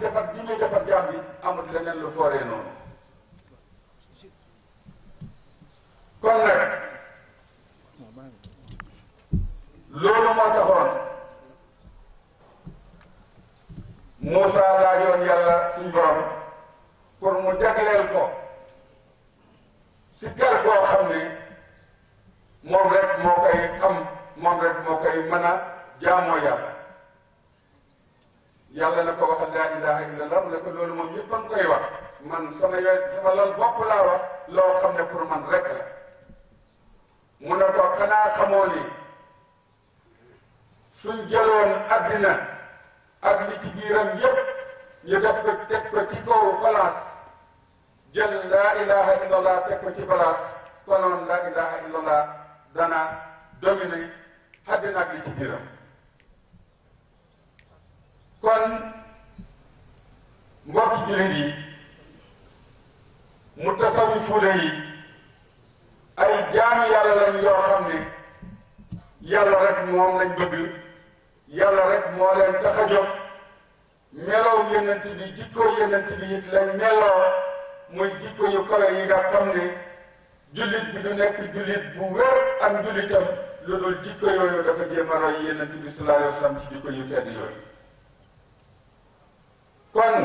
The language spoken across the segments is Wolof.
defar gi muy defar jaam bi amul leneen lu fooree noonu kon nag loolu moo taxoon Moussa yàlla suñ borom pour mu jagleel ko si gar boo xam ne moom rek moo koy xam moom rek moo koy mën a jaamoo yàlla na ko waxal laa ilaha illallah mu ne ko loolu moom ñëpp a wax man sama yooyu sama bopp laa wax loo xam ne pour man rek la mu ne ko xanaa xamoo ni suñ jëloon addina ak li ci biiram yëpp ñu def ko teg ko ci kaw balance jël laa ilaha illallah teg ko ci balance konoon laa ilaha illallah dana dominer addina ak li ci biiram kon mbokki jullit yi mu tasawufu la yi ay jaami yàlla lañ yoo xam ne yàlla rek moom lañ bëgg yàlla rek moo leen tax a jóg melow yonent bi jikko yonent lañ meloo muy jikko yu kawe yi nga xam ne jullit bi du nekk jullit bu wér ak jullitam lu dul jikko yooyu dafa jéem a roy yonent bi sallallahu alayhi wa sallam ci jikko yu tedd yooyu kon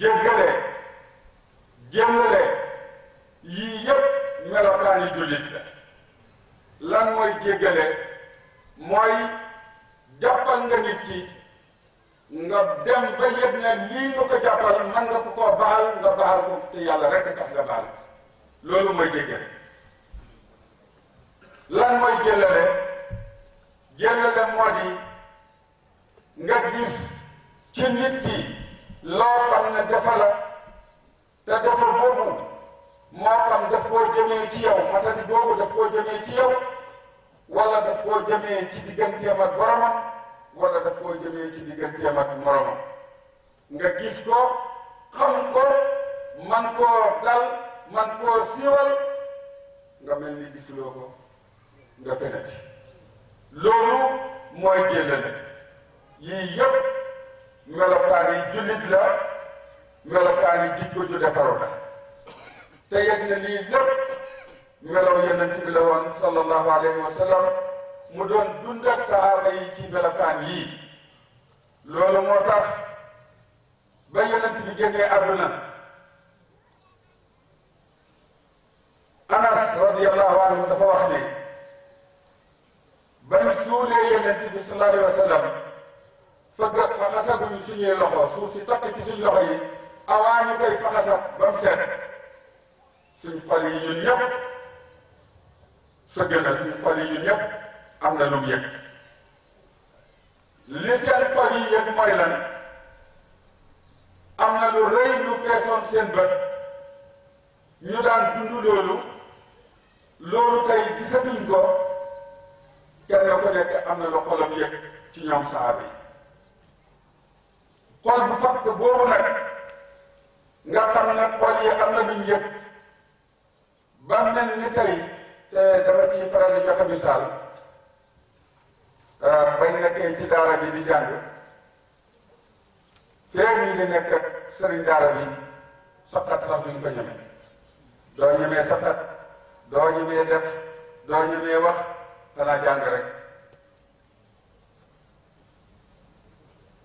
jéggale jéllale yii yépp melokaani jullit la lan mooy jéggale mooy jàppal nga nit ki nga dem ba yëg ne lii nga ko jàppal man nga ko koo baal nga baal ko te yàlla rek a loolu mooy jéggale lan mooy jéllale jéllale moo di nga gis ci nit ki loo xam ne dafa la te dafa moo xam daf koo jëmee ci yow matadi googu daf koo jëmee ci yow wala daf koo jëmee ci digganteem ak boromam wala daf koo jëmee ci digganteem ak moromam nga gis ko xam ko man koo dal man koo siiwal nga mel ni gisuloo nga fenati loolu mooy jëllale yii yëpp melokaan yi jullit la melokaan yi jikko ju defaru la te yëg na lii lépp melow yonent bi la woon sallallahu alayhi wa sallam mu doon dund ak sahaaba yi ci melokaan yii loolu moo tax ba yonent bi génnee àdduna ñun ñëpp sëgg na suñu xol yi ñun am na lu mu li seen xol yi yëg mooy am na lu rëy lu feesoon seen bët ñu daan dund loolu loolu tey gisatuñ ko kenn ko nekk am na lu xolam yëg ci ñoom saaba yi xol bu fakk boobu nag nga xam ne xol yi am na luñ yëg baax na ni ni te eh, dama ciy faral di joxe misaal ah, bañ nekkee ci daara bi di jàng feer ñi ngi nekk sëriñ daara bi saqat sax duñ ko ñeme doo ñemee saqat doo ñemee def doo ñemee wax danaa jàng rek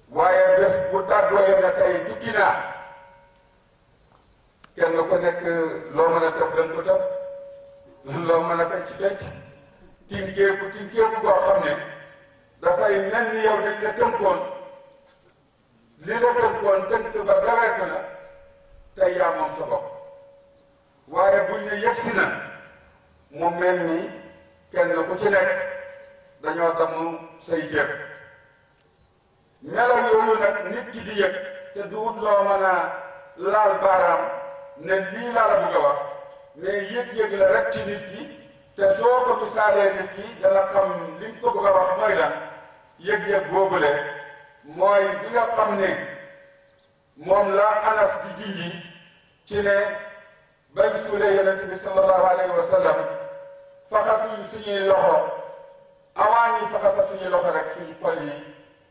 waaye bés bu tàddoo na tey tukki naa kenn ku nekk loo mën a topp da nga ko topp loo mën a fecc fecc tinkeeku tinkeeku boo xam ne dafay mel ni yow dañ la tënkoon li la tënkoon tënk ba daweeku na tey yaa moom sa waaye buñ ne yegsi na mu mel ni kenn ku ci nekk dañoo damm say jër melaw yooyu nag nit ki di yëg te duut loo mën a laal baaraam ne lii laa la a wax mais yëg-yëg la rek ci nit ki te soo ko misaalee nit ki dana xam li nga ko bëgg a wax mooy lan yëg-yëg mooy bi nga ne moom la anas di jinji ci ne bay suulee yonent bi sallallahu alayhi wa sallam faxasuñ suñuy loxo awaan yi faxasa suñuy loxo rek suñu xol yi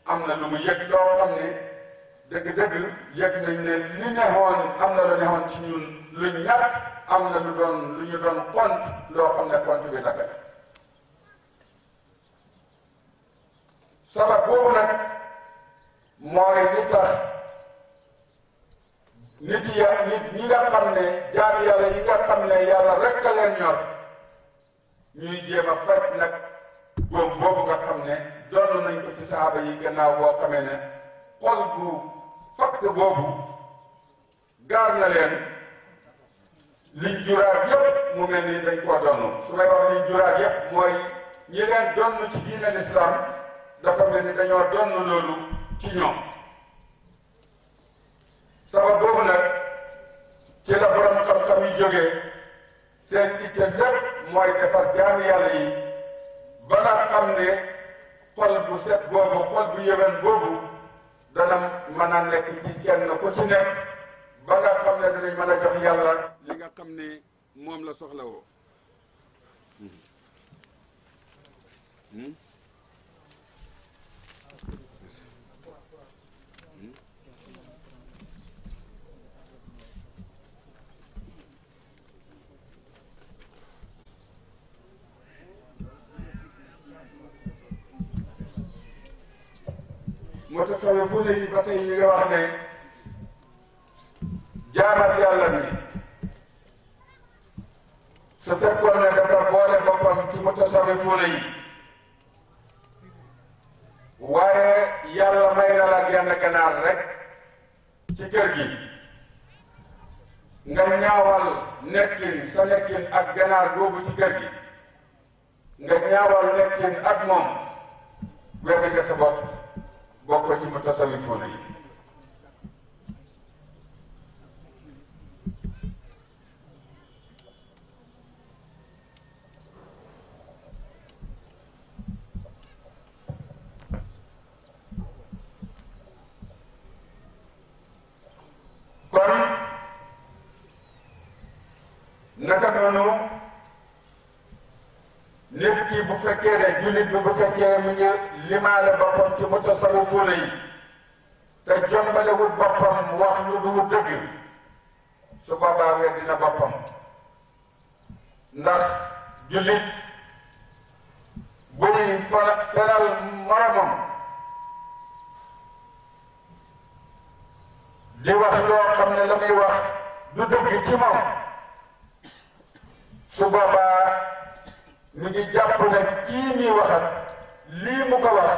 am na lu mu yëg loo ne dëgg-dëgg yegg nañ ne li nexoon am na lu nexoon ci ñun lu ñàkk am na lu doon lu ñu doon compte loo xam ne compte bi dagg sabab boobu nag mooy li tax nit ya nit ñi nga xam ne jaam yàlla yi nga xam ne yàlla rekk a leen ñor ñuy jéem a faj nag góom boobu nga xam ne doon nañ ko ci saaba yi gannaaw boo xamee ne xol bu fakk boobu gaar na leen liñ juraat yëpp mu mel ni dañ koo donn su may wax liñ juraat yëpp mooy ñi leen donn ci diine lislaam dafa mel ni dañoo donn loolu ci ñoom sabab boobu nag ci la borom xam-xam yi jógee seen itte lépp mooy defar jaami yàlla yi ba nga xam ne xol bu set boobu xol bu yëwen boobu dana mën a nekk ci kenn ku ci nekk ba nga xam ne danañ mën a jox yàlla li nga xam ne moom la soxlawoo. Hmm? Hmm? mutasawwifuuna yi ba tey ñi nga wax ne jaamat yàlla bi su fekkoon ne dafa boole boppam ci mutasawwifuuna yi waaye yàlla may na la genn ganaar rek ci kër gi nga ñaawal nekkin sa nekkin ak ganaar boobu ci kër gi nga ñaawal nekkin ak moom weddi nga sa bopp bokk ci mu tasawifoona yi kon naka noonu bu fekkee jullit bi bu fekkee mu ñu limaale boppam ci mu tasawufuuna yi te jombalewut boppam wax lu du dëgg su boobaa weddi na boppam ndax jullit buy fala felal moromam di wax loo xam ne la muy wax du dëgg ci moom su boobaa mi ngi jàpp ne kii ñuy waxat lii mu ko wax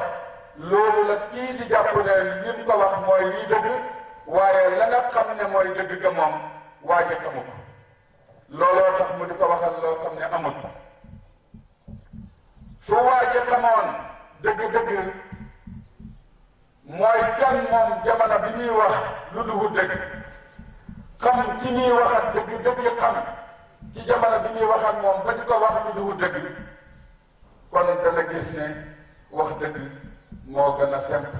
loolu la kii di jàpp ne li mu ko wax mooy lii dëgg waaye la nga xam ne mooy dëgg ga moom waaje xamu ko looloo tax mu di ko waxal loo xam ne amut su waaje xamoon dëgg-dëgg mooy kan moom jamono bi ñuy wax lu duhu dëgg xam ci ñuy waxat dëgg-dëgg xam ci jamono bi muy wax ak moom ba di ko wax du duwul dëgg kon dana gis ne wax dëgg moo gën a simple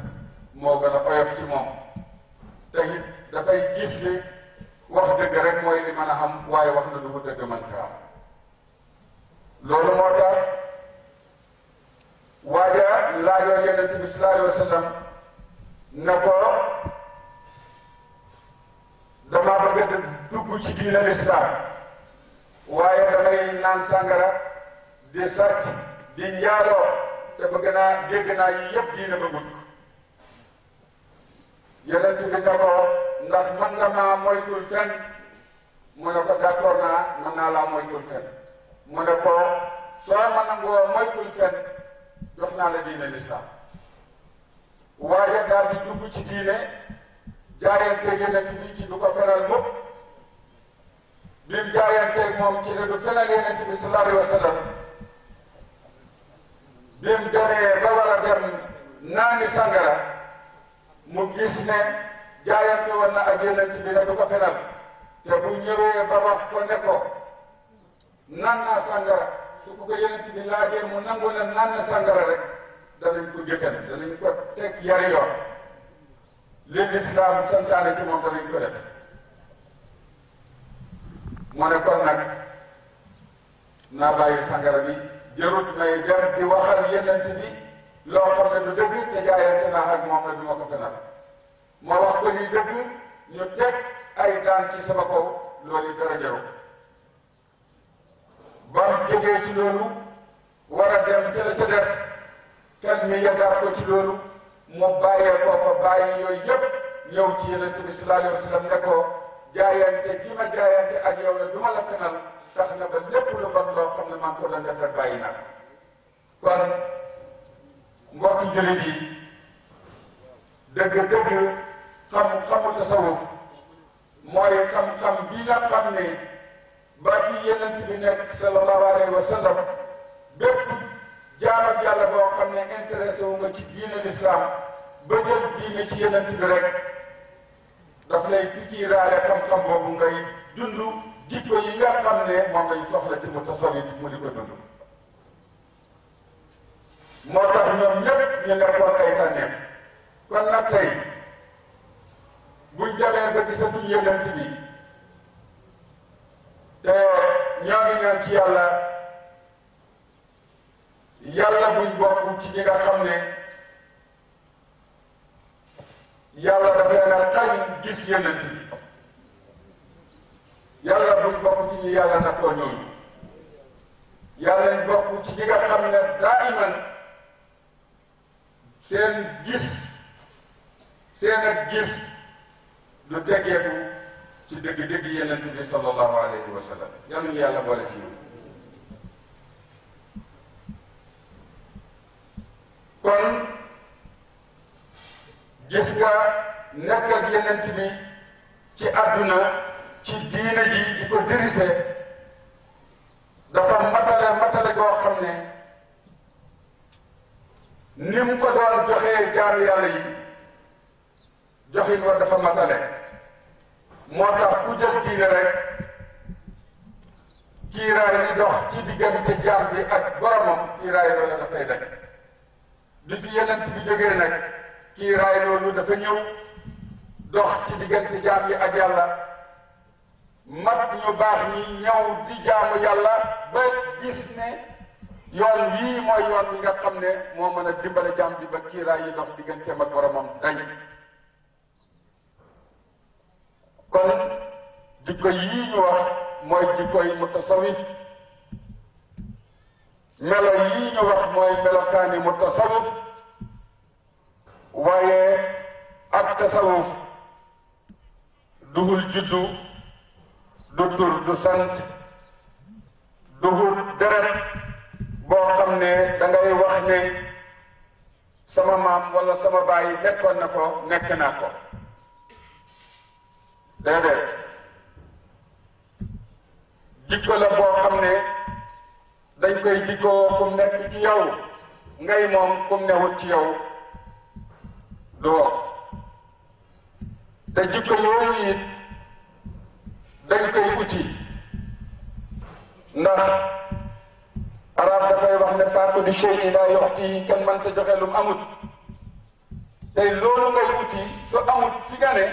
moo gën a oyof ci moom te it dafay gis ne wax dëgg rek mooy li mën a am waaye wax lu duwul dëgg mën kaa loolu moo tax waaja laajoon yonent bi sallallahu alayhi wa dama bëgg a dugg ci diina lislaam waaye da naan sàngara di sàcc di njaaloo te bëgg naa dégg naa yi yëpp diine bëgguñ ko yonent bi nga ko ndax mën nga maa moytul fen mu ne ko d'accord naa mën naa laa moytul fen mu ne ko soo ma nangoo moytul fen jox naa la diine lislaam waaye daal di dugg ci diine jaayante yonent bi ci du ko feral mukk bim jaayanteeg moom ci ne du fenal yonent bi sallallahu alayhi wa sallam bim doree ba war a dem naani sangara mu gis ne jaayante woon na ak yonent bi ne du ko fenal bu ñëwee ba ko ne ko naan sangara su ko ko yonent bi laajee mu nangu ne naan sangara rek danañ ko jëkkal danañ ko teg yari li lislaam santaane ci moom danañ ko def mu ne kon nag naa bàyyi sangara bi jarut may dem di waxal yenent bi loo xam ne du dëgg te jaayante naa ak moom la du ma ko fenal wax ko ni dëgg ñu teg ay daan ci sama ko loolu dara jarut ba mu jógee ci loolu war a dem ca la ca des kenn ko ci loolu mu bàyyee ko fa bàyyi yooyu yëpp ñëw ci yenent bi sallallahu alayhi wa sallam ne ko jaayante gi ma jaayante ak yow la du ma la fenal tax na ba lépp lu bon loo xam ne maa ngi ko doon def rek bàyyi nag kon mbokki jullit yi dëgg-dëgg xam-xamu tasawuf mooy xam-xam bi nga xam ne ba fi yenent bi nekk sallallahu alayhi wa bépp jaam ak yàlla boo xam ne intéressé wu ci diine l'islam ba jël diine ci yenent bi rek daf lay pikiiraale xam-xam boobu ngay dund jikko yi nga xam ne moom lañ soxla ci mu tasawif mu di ko dund moo tax ñoom ñépp ñu nekkoon ay tànneef kon nag tey buñ demee ba gisatuñ yonent bi te ñoo ngi ñaan yàlla yàlla buñ bokk ci ñi nga xam ne yàlla daf leen a xañ gis yeneen bi yàlla buñ bokk ci ñi yàlla nattoo ñooñu yàlla ñu bokk ci ñi nga xam ne seen gis seen ak gis lu teggeeku ci dëgg-dëgg yeneen bi sallallahu alayhi wa sallam yàlla boole ci ñoom kon gis nga nekk ak yenent bi ci àdduna ci diine ji di ko dirise dafa matale matale goo xam ne ni mu ko doon joxee jaaru yàlla yi joxin dafa matale moo tax ku jël diine rek kiiraay li dox ci diggante jaam bi ak boromam kiiraay loola dafay daj li fi yenent bi jógee nag kiiraay loolu dafa ñëw dox ci diggante jaam yi ak yàlla mag ñu baax ñi ñëw di jaamu yàlla ba gis ne yoon wii mooy yoon wi nga xam ne moo mën a dimbale jaam bi ba kiiraay yi dox digganteem ak boromam dañ kon jikko yii ñu wax mooy jikko yi mutasawif melo yii ñu wax mooy melokaani mutasawif waaye ak tasawuf duhul juddu du tur du sant duhul deret boo xam ne da ngay wax ne sama maam wala sama baay nekkoon na ko nekk naa ko déedéet jikko la boo xam ne dañ koy jikkoo kum nekk ci yow ngay moom kum newut ci yow du wor te jikko yooyu it dañ koy uti ndax arab dafay wax ne faatu di shay'in laa yu'tihi kenn mënta joxe lu mu amut tey loolu ngay uti su amut fi nga ne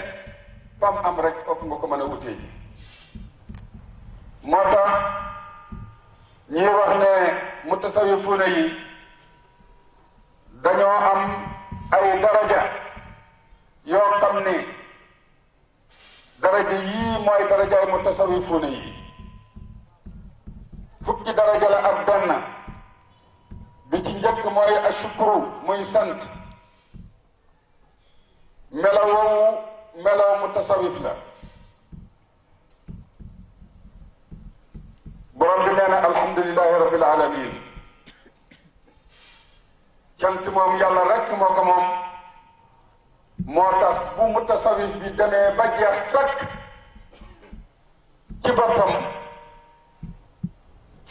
fam am rek foofu nga ko mën a utee ji moo tax ñuy wax ne mutasawifuuna yi dañoo am ay daraja yoo xam ne daraja yii mooy darajaay mu tasawifuna yi fukki daraja la ak bi ci njëkk mooy ashukru muy sant melaw woowu melaw mu la borom bi nee na alhamdulilahi rabbil alamin cant moom yàlla rekk moo ko moo tax bu mutasawif bi demee ba jeex takk ci boppam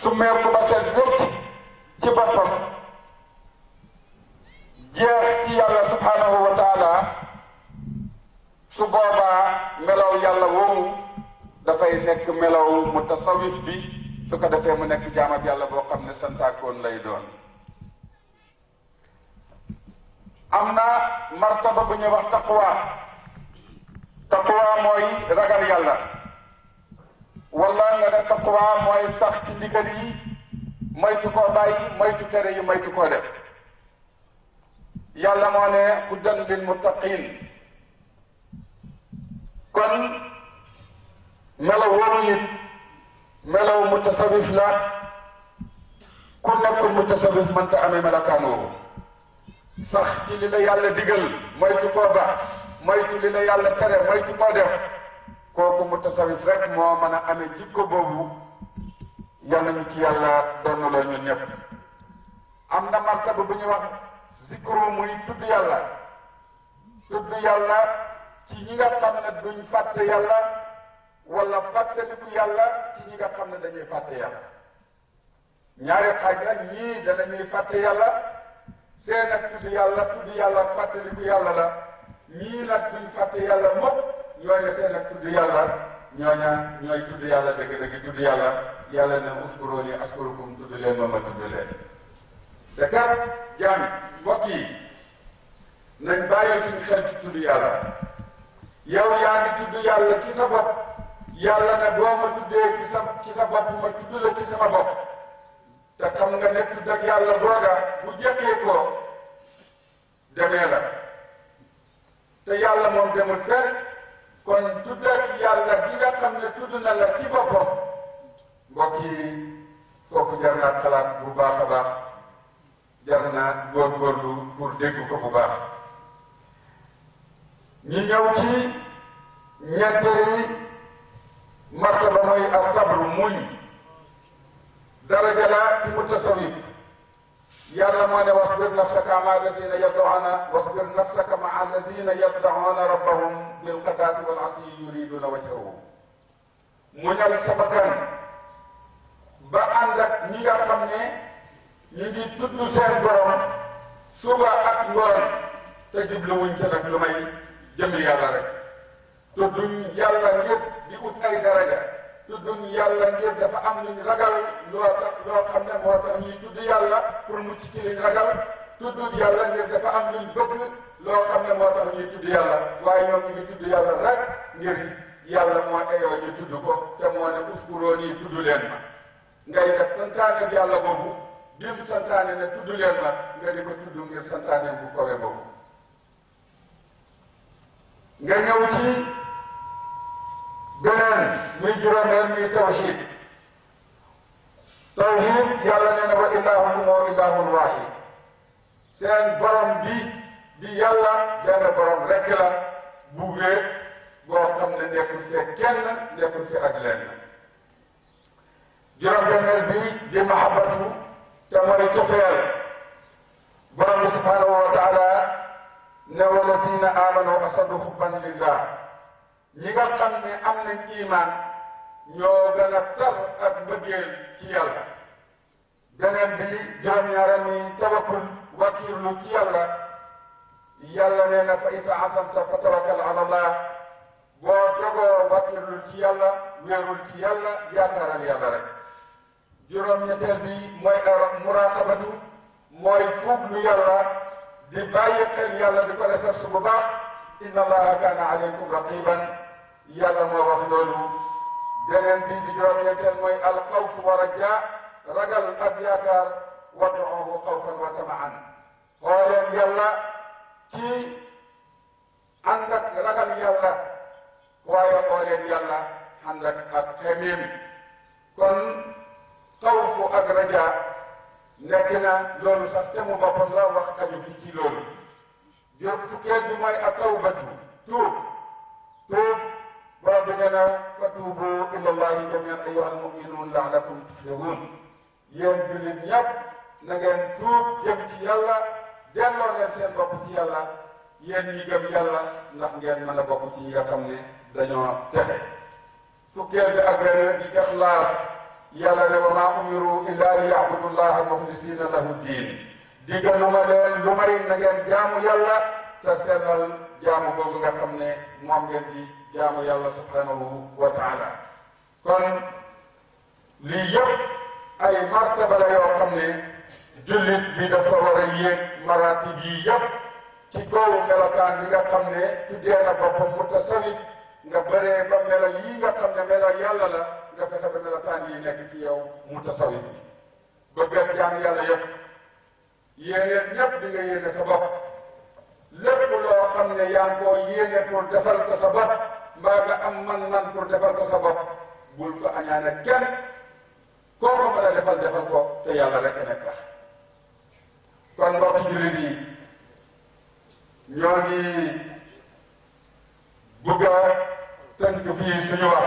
su meeku ba seet wécc ci boppam jeex ci yàlla subhanahu wa taala su boobaa melaw yàlla woowu dafay nekk melaw mutasawif bi su ko defee mu nekk jaamab yàlla boo xam ne santaakoon lay doon am na martaba bu ñuy wax taqwa taqwa mooy ragal yàlla wala nga ne taqwa mooy sax ci ndigal yi moytu koo bàyyi moytu tere yi moytu koo def yàlla moo ne huddan lil muttaqin kon melaw woowu it melaw mutasawif la ku nekkul mutasawif mënta amee melokaan woowu sax ci li la yàlla digal moytu koo ba moytu li la yàlla tere moytu koo def kooku mu tasawif rek moo mën a amee jikko boobu yal nañu ci yàlla doon la ñun am na martaba bu ñuy wax zikru muy tudd yàlla tudd yàlla ci ñi nga xam ne duñ fàtte yàlla wala fàttaliku yàlla ci ñi nga xam ne dañuy fàtte yàlla ñaari xaaj la ñii danañuy fàtte yàlla seen ak tudd yàlla tudd yàlla fàttaliku yàlla la ñii nag duñ fàtte yàlla mop ñooña seen ak tudd yàlla ñooña ñooy tudd yàlla dëgg-dëgg tudd yàlla yàlla ne uskurooni askurukum tudd leen ma ma tudd leen te kat jaami nañ bàyyi suñu xel ci tudd yàlla yow yaa ngi tudd yàlla ci sa bopp yàlla ne boo ma tuddee ci sa ci sa bopp ma tudd la ci sama bopp te xam nga ne tudd ak yàlla googa bu jëkk moom demul fekk kon tudd ak yàlla bi nga xam ne tudd na la ci boppam mbokk yi foofu jar naa xalaat bu baax a baax jar naa góorgóorlu pour dégg ko bu baax ñu ñëw ci ñetteeli martaba mooy asabru muñ daraja la ci mutasawif yàlla moo ne wasbir nafsaka ma allazina yaddauna wasbir nafsaka ma allazina yaddauna rabbahum bilqadaati wal asi yuriduna wajhahu mu ñal sa bakkan ba ànd ak ñi nga xam ne ñu ngi tudd seen borom suba ak ngoon te jubluwuñ ca nag lu may jëm yàlla rek tudduñ yàlla ngir di ut ay daraja tudduñ yàlla ngir dafa am luñ ragal loo tax loo xam ne moo tax ñuy tudd yàlla pour mu ci liñ ragal tudduñ yàlla ngir dafa am luñ bëgg loo xam ne moo tax ñuy tudd yàlla waaye ñoom ñu ngi tudd yàlla rek ngir yàlla moo ayoo ñu tudd ko te moo ne uskuroo nii tudd leen ma ngay def santaane ak yàlla boobu bim santaane ne tudd leen ma nga di ko tudd ngir santaane bu kowe boobu nga ñëw ci beneen muy juróomeel muy tawxiid tawxiid yàlla nee na wa ilaahum moo ilaahun waaxid seen borom bi di yàlla benn borom rekk la buggee boo xam ne nekkul fi kenn nekkul fi ak lenn juróom-benneel bi di mahabbatu te mooy cofeel borom bi subhaanahu wa taala ne wa lazina amanu asadu xubban lillah ñi nga xam ne am nañ imaan ñoo gën a tar ak mbëggeel ci yàlla bi juróom mi tawakkul wakiirlu ci yàlla yàlla nee na fa isa asamta fa tawakkal ala allah boo dogoo wakiirlu ci yàlla wéerul ci yàlla yaakaaral yàlla rek bi mooy a mooy fuuglu yàlla di bàyyi xel yàlla di ko resal inna allaha kaana alaykum raqiban yàlla moo wax loolu beneen bi di juróom-ñeenteel mooy al xawf wa rajaa ragal ak yaakaar wa du'uhu xawfan wa tamaan xooleen yàlla ci ànd ak ragal yàlla waaye xooleen yàlla ànd ak ak xemim kon xawfu ak rajaa nekk na loolu sax te mu boppam la wax kaju fi ci loolu jur fukkeel bi mooy tawbatu tuub tuub bi nee na fa tuubu ilallahi jamian ayyuhal muminuun laalakum tuflihun yéen jullit ñëpp na tuub jëm ci yàlla delloo leen seen bopp ci yàlla yéen ñi gëm ndax ngeen mën a bokk ci ñi nga ne dañoo texe fukkeel bi ak benn di ixlaas yàlla ne wa maa umiru illaa li yaabudu llaha muxlisina lahu diin diggaluma leen lu may na sellal jaamu boobu nga xam ne moom ngeen di jaamu yàlla subhanahu wa taala kon lii yëpp ay martaba la yoo xam ne jullit bi dafa war a yéeg maraatib yi yëpp ci goowu melokaan bi nga xam ne tuddee na boppam mutasawif nga bëree ba melo yii nga xam ne melo yàlla la nga fexe ba melokaan yi nekk ci yow mutasawif bi bëggal jaamu yàlla yëpp yéeneen ñëpp di nga yéene sa bopp lépp loo xam ne yaa ngi koo yéene pour defal ko sa mbaa nga am man-man pour defal ko sa bopp bul ko añaane kenn koo ko mën defal defal ko te yàlla rek nekk tax kon mbokk jullit yi ñoo ngi bëgg a suñu wax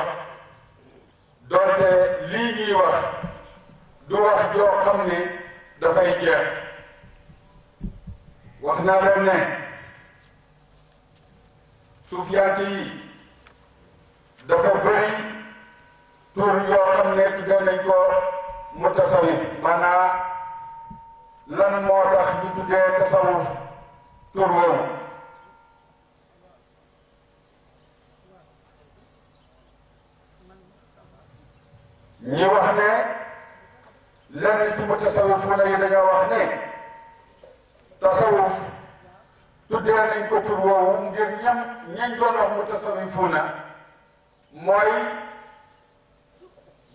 doonte lii ñuy wax du wax joo xam ni dafay jeex wax naa dem ne suufiyaante yi dafa bëri tur yoo xam ne tuddee nañ ko mutasawuf maanaam lan moo tax ñu tuddee tasawuf tur woowu ñi wax ne lenn ci mutasawuf fu ne yi dañoo wax ne tasawuf tuddee nañ ko tur woowu ngir ñam ñañ doon wax mooy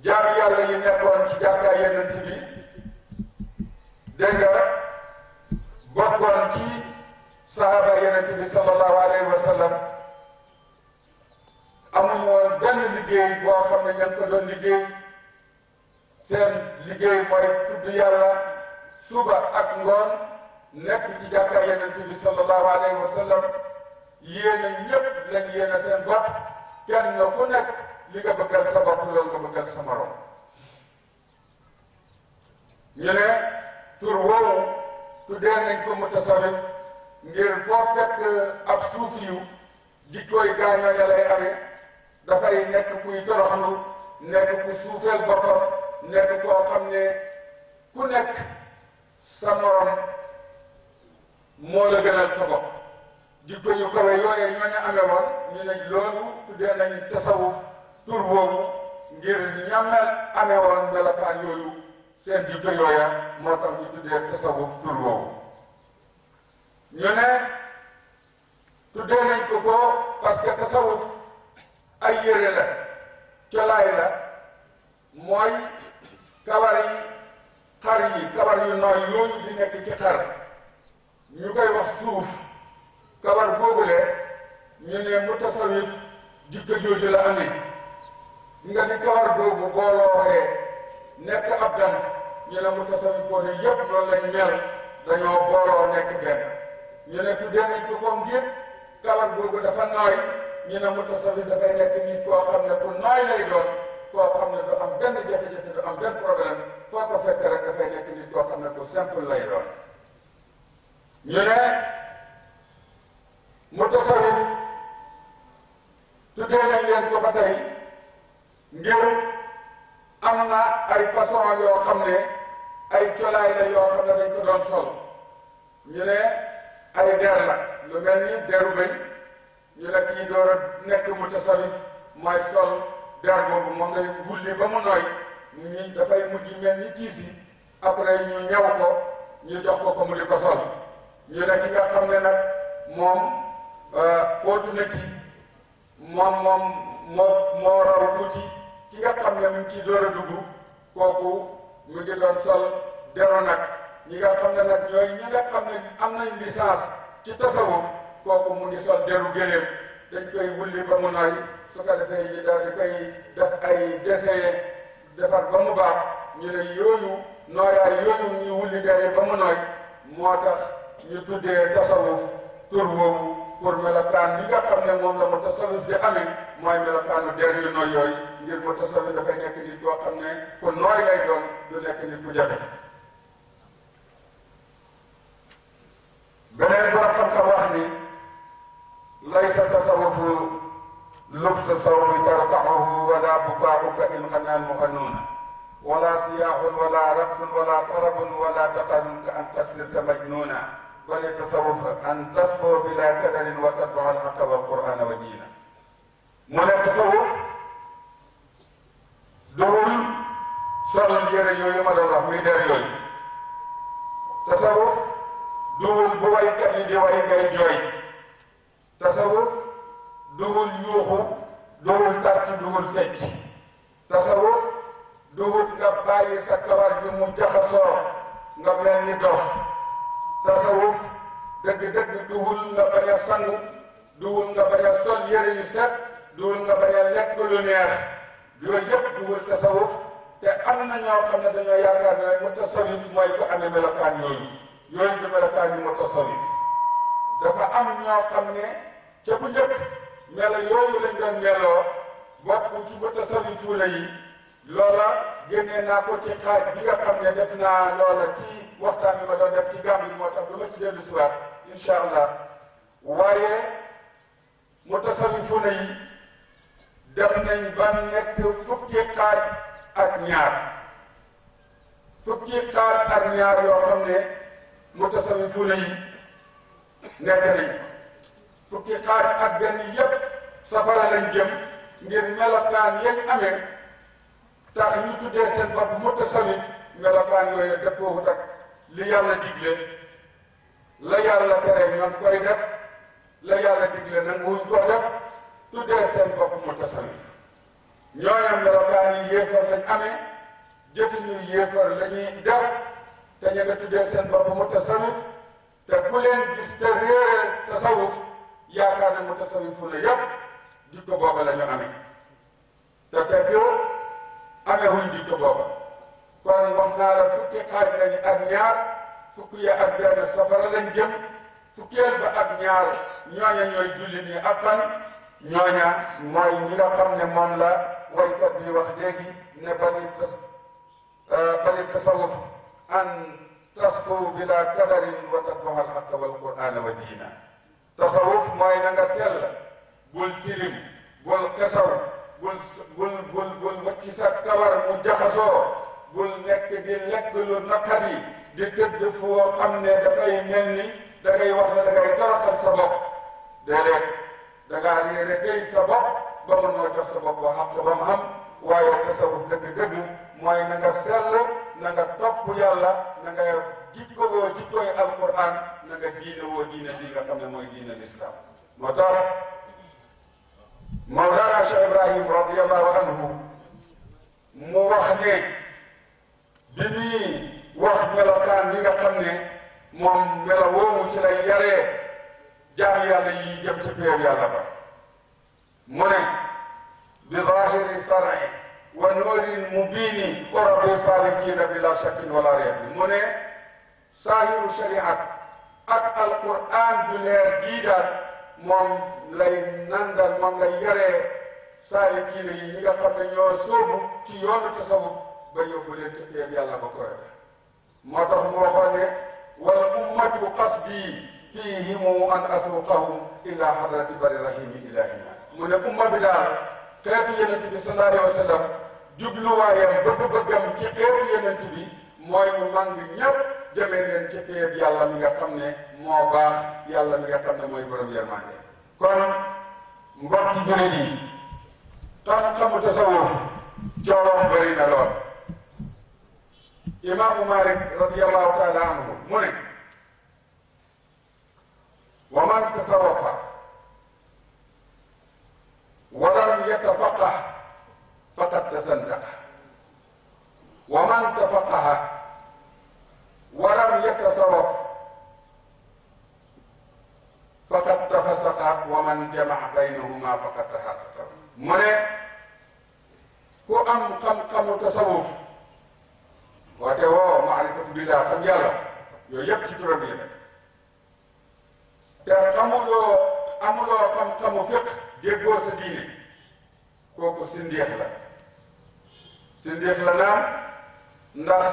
jaamu yàlla yi nekkoon ci jàkkaay yenent bi dégg nga bokkoon ci sahaaba yenent bi sallallahu alayhi wa sallam amuñu woon benn liggéey boo xam ne ña ko doon liggéey seen liggéey mooy tudd yàlla suba ak ngoon nekk ci jàkka yonent bi alayhi wa sallam yéen a ñëpp lañ yéen a seen bopp kenn ku nekk li nga bëggal sa bopp loolu nga bëggal sa morom ñu ne tur woowu tuddee nañ ko mutasawif ngir foo fekk ab suuf yu di koy gaañoo ya lay dafay nekk kuy toroxlu nekk ku suufeel boppam nekk koo xam ne ku nekk sa moo la gënal sa bopp jikko yu kawe yooyee ñoo ñu amee ñu ne loolu tuddee nañ tasawuf tur boobu ngir ñamel amee woon melokaan yooyu seen jikko yooya moo tax ñu tuddee tasawuf tur ñu ne tuddee nañ ko ko parce que tasawuf ay yére la colaay la mooy kabar yi xar yi kabar yu nooy yooyu di nekk ci xar ñu koy wax suuf kabar googule ñu ne mutasawif jikko jooju la amee nga ni kabar googu boo loo waxee nekk ab dank ñu ne mutasawifoon yi yëpp loolu lañ mel dañoo booloo nekk benn ñu ne tuddee nañ ko ko ngir kabar googu dafa nooy ñu ne mutasawif dafay nekk nit koo xam ne ku nooy lay doon koo xam ne du am benn jafe-jafe du am benn problème foo ko fekk rek dafay nekk nit koo xam ne ku simple lay doon ñu ne mu tasawuf tuddee nañ leen ko ba tey ngir am na ay façon yoo xam ne ay colaay la yoo xam ne dañ ko sol ñu ne ay der la lu mel ni deru bëy ñu ne kii door a nekk mu tasawuf mooy sol der boobu moom lay wulli ba mu nooy ñi dafay mujj mel ni tiis yi après ñu ñëw ko ñu jox ko ko mu di ko sol ñu ne ki nga xam ne nag moom euh, kootu na ci moom moom moo moo raw tuuti ki nga xam ne mu ngi ciy door a dugg kooku mu ngi doon sol dero nag ñi nga xam ne nag ñooy ñi nga xam ne am nañ licence ci tasawuf kooku mu ngi sol deru gëléem dañ koy wulli ba mu nooy su ko defee ñu daal di koy def ay dessin defar ba mu baax ñu ne yooyu nooyaay yooyu ñu wulli deree ba mu nooy moo tax ñu tuddee tasawuf tur woowu pour melokaan yi nga xam ne moom la mu tasawuf di amee mooy melokaanu der yu nooy yooyu ngir mu tasawuf dafay nekk nit koo xam ne ku nooy lay doon du nekk nit ku jafe beneen borom xam-xam wax ni laysa tasawufu lubsu sawbi tartaxuhu wala bukaauka in xanaan mu xanuuna wala siyaaxun wala raqsun wala tarabun wala taqasun ka an taksirta majnuuna gone tasawuf wal qurana wa diina mu tasawuf doxul sol yëre yooyu ma doon wax muy der yooyu tasawuf duhul bu waykat yi di way ngay jooy tasawuf duhul yuuxu duhul tàcc duhul fecc tasawuf duhul nga bàyyi sa kawar bi mu jaxasoo nga mel ni tasawuf dëgg-dëgg duwul nga bañ a sangu duwul nga bañ a sol yére yu set duwul nga bañ a lekk lu neex yooyu yëpp duwul tasawuf te am na ñoo xam ne dañoo yaakaar ne mu tasawuf mooy ku amee melokaan yooyu yooyu du melokaan yi mu tasawuf dafa am ñoo xam ne ca bu njëkk melo yooyu lañ doon meloo bokk ci mu tasawuf yi loola génnee naa ko ci xaaj bi nga xam ne def naa loola ci waxtaan bi ma doon def ci gàmm bi moo tax du ma ci dellu siwaat incha allah waaye mutasawifuna yi dem nañ ba nekk fukki xaaj ak ñaar fukki xaaj ak ñaar yoo xam ne mutasawifuna yi nekk nañ fukki xaaj ak benn yépp safara lañ jëm ngir melokaan yañ amee tax ñu tuddee seen bopp mutasawif melokaan yooyu dëppoowut ak li yàlla digle la yàlla tere ñoom koy def la yàlla digle nanguwuñ ko def tuddee seen bopp mutasawif ñooñu melokaan yi yéefar lañ amee jëfiñu yéefar la ñuy def te ñu nga tuddee seen bopp mutasawif te ku leen gis te réere tasawuf yaakaar ne mutasawifu la yëpp jikko booba la ñu amee te fekk amewuñ di ko booba kon wax naa la fukki xaaj lañu ak fukki ya ak benn safara lañ jëm fukkeel ba ak ñaar ñooña ñooy jullit ñi akkan ñooña mooy ñi nga ne moom la waykat bi wax léegi ne bali tas euh, bali tasawuf an tasfu bila qadarin wa tatbaha alxaqa walqurana wa diina tasawuf mooy na nga sell bul tilim bul kesaw bul bul bul bul wàcc sa kawar mu jaxasoo bul nekk di lekk lu naqari di tëdd foo xam ne dafay mel ni da wax ne da ngay toroxal sa bopp déedéet da ngaa réere tey sa bopp ba mën noo jox sa bopp ba xam te ba mu xam waaye tasawuf dëgg-dëgg mooy na nga sell na nga topp yàlla na nga jikko woo jikkooy alquran na nga diine woo diine bi nga xam ne mooy diine l'islam moo tax Mawlana Cheikh Ibrahim radiyallahu anhu mu wax ne bi muy wax melokaan li nga xam ne moom melo woowu ci lay yaree jaam yàlla yi jëm ci péew yàlla ba mu ne bi zahiri sari wa nuuril mubiini wa rabbi saalikiina bila shakkin wala rayb mu ne saahiru shariat ak alquran du leer gii daal moom lay nangal moom lay yaree saali kiina yi ñi nga xam ne ñoo sóobu ci yoonu tasawuf ba yóbbu leen tëddeem yàlla ba koy moo tax mu waxoon ne wala ummatu qasdi fiihimu an asruqahum ila hadrati bari rahimi ilahina mu ne umma bi daal xeetu yonent bi sallallahu alayhi wa sallam jubluwaayam bëgg-bëggam ci xeetu yonent bi mooy mu màng ñëpp jëmee leen ca péyeb yàlla mi nga xam ne moo baax yàlla mi nga xam ne mooy borom yërmande kon mbokk yi jullit yi tam xamu tasawuf cooroom bëri na lool imaamu malik radiallahu taala mu ne wa man tasawafa walam yatafaqah faqad tasandaqa wa man tafaqaha walam yatasawaf faqad tafasaqa wa man jamaa baynahuma faqad taxaqaqa mu ne ku am xam-xamu tasawuf wate woo maarifatu billah xam yàlla yooyu yëpp ci turam yi te xamuloo amuloo xam-xamu fiq déggoo sa diine kooku sindeex la sindeex la naan ndax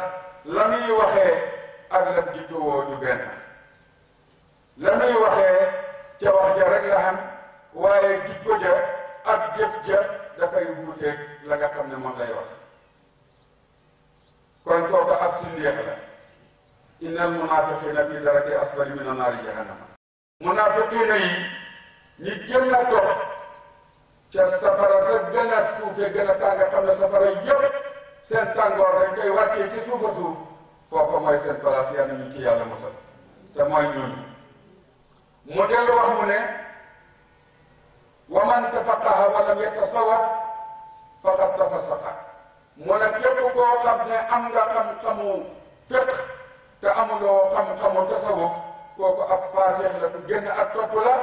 la muy waxee ak lam judduwoo du benn la nuy waxee ca wax ja la xam waaye juddu ja ak jëf ja dafay wuuteeg la nga xam ne moom lay wax kon kooku ab sindeex la innal munafiqina fi daraki asfali mina naari jahannama munafiqina yi ñi gën a ca safara sa gën a suufe gën a tàng xam ne safara yëpp seen tàngoor dañ koy wàccee ci suufa suuf foofa mooy seen place yàlla ñu ci yàlla mosal te mooy ñooñu mu dellu wax mu ne wa man tafaqaha wa lam yatasawwaf faqad tafasaqa mu ne képp koo xam ne am nga xam-xamu fiq te amuloo xam-xamu tasawuf kooku ab faaseex la du génn ak topp la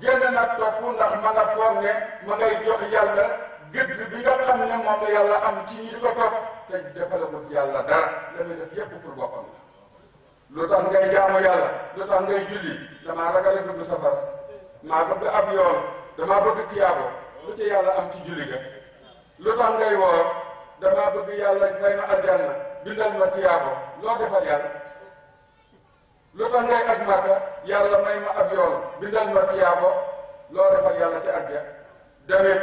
génn nag topp ndax ma nga foog ne ma ngay jox yàlla gëdd bi nga xam ne moom yàlla am ci ñi di ko topp te defalagul yàlla dara la muy def yépp pour boppam la lu tax ngay jaamu yàlla lu tax ngay julli damaa ragal a dugg safar maa bëgg ab yoon damaa bëgg tiyaabo lu ci yàlla am ci julli ga lu tax ngay woor damaa bëgg yàlla may ma aljanna bindal ma tiyaabo loo defal yàlla lu tax ngay aj màkka yàlla may ma ab yoon bindal ma tiyaabo loo defal yàlla ci aj ja demit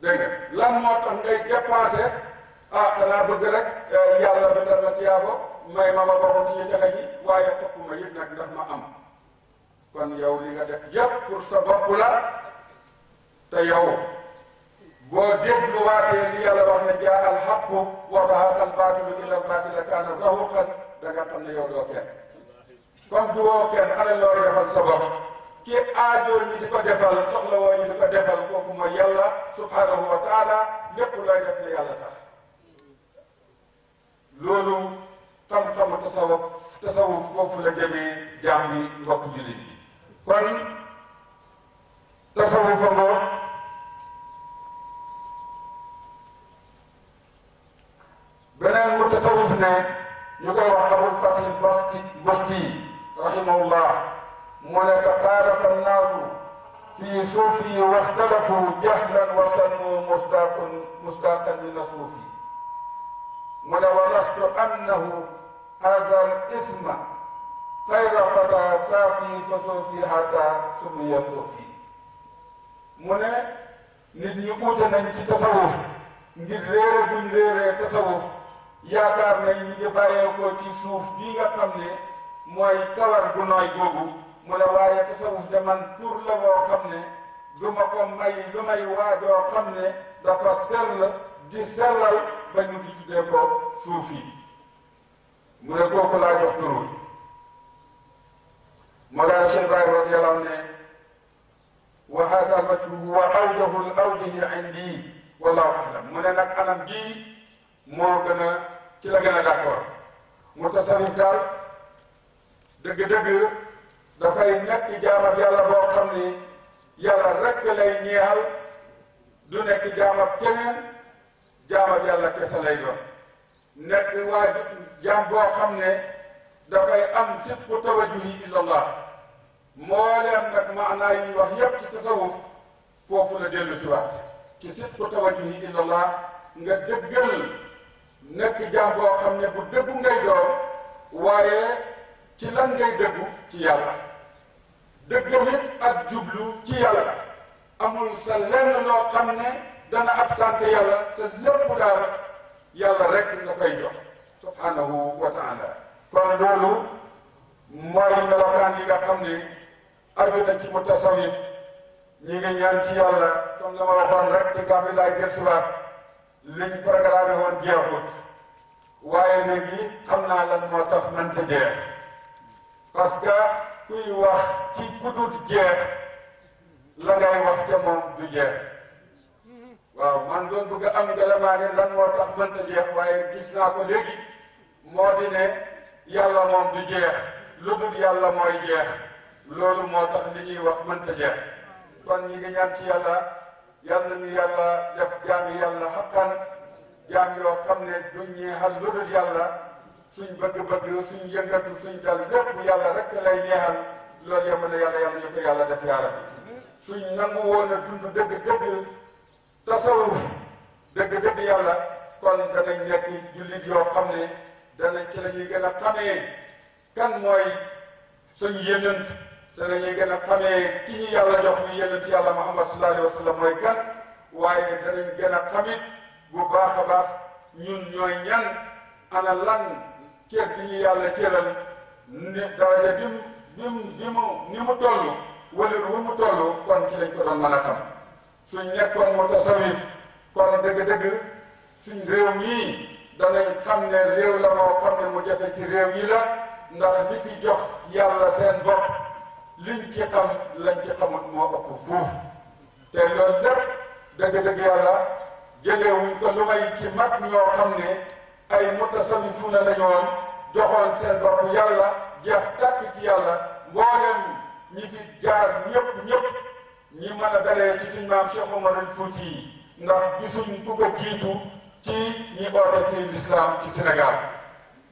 dégg lan moo tax ngay dépenser ah xanaa bëgg rek eh, yàlla bindal ma tiyaabo may ma ma bokk ci ñu texe ji waaye topp ma it nag ndax ma am kon yow li nga def yëpp pour sa bopp la te yow boo dégluwaatee li yàlla wax ne jaa al xaqu wa zahaqa al baatilu illa al baatila kaana zahuqan da nga xam ne yow doo kenn kon du woo kenn ana looy defal sa bopp ki aajoo ñi di ko defal soxla woo ñi di ko defal kooku mooy yàlla subhanahu wa taala lépp looy def ne yàlla tax loolu xam-xamu tasawuf tasawuf foofu la jëmee jaam bi mbokk jullit yi kon tasawuf fa ngoog beneen mu tasawuf ne ñu koy wax la fatih basti rahimahullah mu ne taqaarafa annaasu fi suufi waxtalafu jahlan wa sannu mustaaqun mustaaqan min asuufi mu ne walastu annahu hazal isma xayra fata saafi fa soofi hatta sumiya soofi mu ne nit ñi uute nañ ci tasawuf ngir réere buñ réeree tasawuf yaakaar nañ ñi ngi bàyyee ci suuf bii nga xam ne mooy kawar gu nooy googu mu ne waaye tasawuf de tur la boo xam ne du may lu may waajoo xam ne dafa sell di sellal bañ ñu tuddee ko suuf yi mu ne kooku laa jox turu moo daal Cheikh ne wa haasa wa awdahu l awdihi indi wallahu mu ne nag anam gii moo gën a ci la gën a d'accord mu tasawif dëgg-dëgg dafay nekk jaamab yàlla boo xam ni yàlla rekk lay ñeexal du nekk jaamab keneen jaamu yàlla kese lay doon nekk waa jaam boo xam ne dafay am sidqu tawajuhi illallah mboolem nag maanaa yi wax yépp ci tasawuf foofu la dellu si waat ci sidqu tawajuhi laa nga dëggal nekk jaam boo xam ne bu dëggu ngay doon waaye ci lan ngay dëggu ci yàlla dëggal it ak jublu ci yàlla amul sa lenn loo xam ne dana ab sant yàlla sa lépp daal yàlla rek nga koy jox subhanahu wa taala kon loolu mooy melokaan yi nga xam ne aju na ci mu tasawif ñi ngi ñaan ci yàlla comme la ma waxoon rek ci gàmmi laay gën subaat liñ programme woon jeexut waaye léegi xam naa lan moo tax mënta jeex parce kuy wax ci ku dut jeex la ngay wax ca moom du jeex waaw man doon bëgg am gëlamaane lan moo tax mënta jeex waaye gis naa ko léegi moo di ne yàlla moom du jeex lu dul yàlla mooy jeex loolu moo tax li ñuy wax mënta jeex kon ñi ngi ñaan ci yàlla yal nañu yàlla def jaami yàlla xaqan jaam yoo xam ne duñ ñeexal lu dul yàlla suñ bëgg-bëgg suñ yëngatu suñ dal lépp yàlla rek lay ñeexal loolu yemale yàlla yàlla ñu ko yàlla def yaara bi suñ nangu woon dund dëgg-dëgg tasawuf dëgg-dëgg yàlla kon danañ nekk jullit yoo xam ne danañ ci la ñuy gën a kan mooy suñu yënant te la ñuy gën a xamee ki ñu yàlla jox ñu yënant yàlla muhammad sallallahu alayhi wa sallam mooy kan waaye danañ gën a xamit bu baax a baax ñun ñooy ñan ana lan cër bi ñu yàlla cëral ne daraja bi mu bi mu ni mu toll wala mu toll kon ci lañ ko doon mën a xam suñ nekkoon mu tasawif kon dëgg-dëgg suñ réew mii danañ xam ne réew la moo xam ne mu jafe ci réew yi la ndax li fi jox yàlla seen bopp liñ ci xam lañ ci xamut moo ëpp fuuf te loolu lépp dëgg-dëgg yàlla jëlewuñ ko lu may ci mag ñoo xam ne ay mutasawifuuna lañu woon joxoon seen bopp yàlla jeex tàkk ci yàlla mboolem ñi fi jaar ñëpp ñëpp ñi ma a dalee ci suñ maam Cheikh Omarul Fouti yi ndax gisuñ ku ko jiitu ci ñi oote fii l'islam ci Sénégal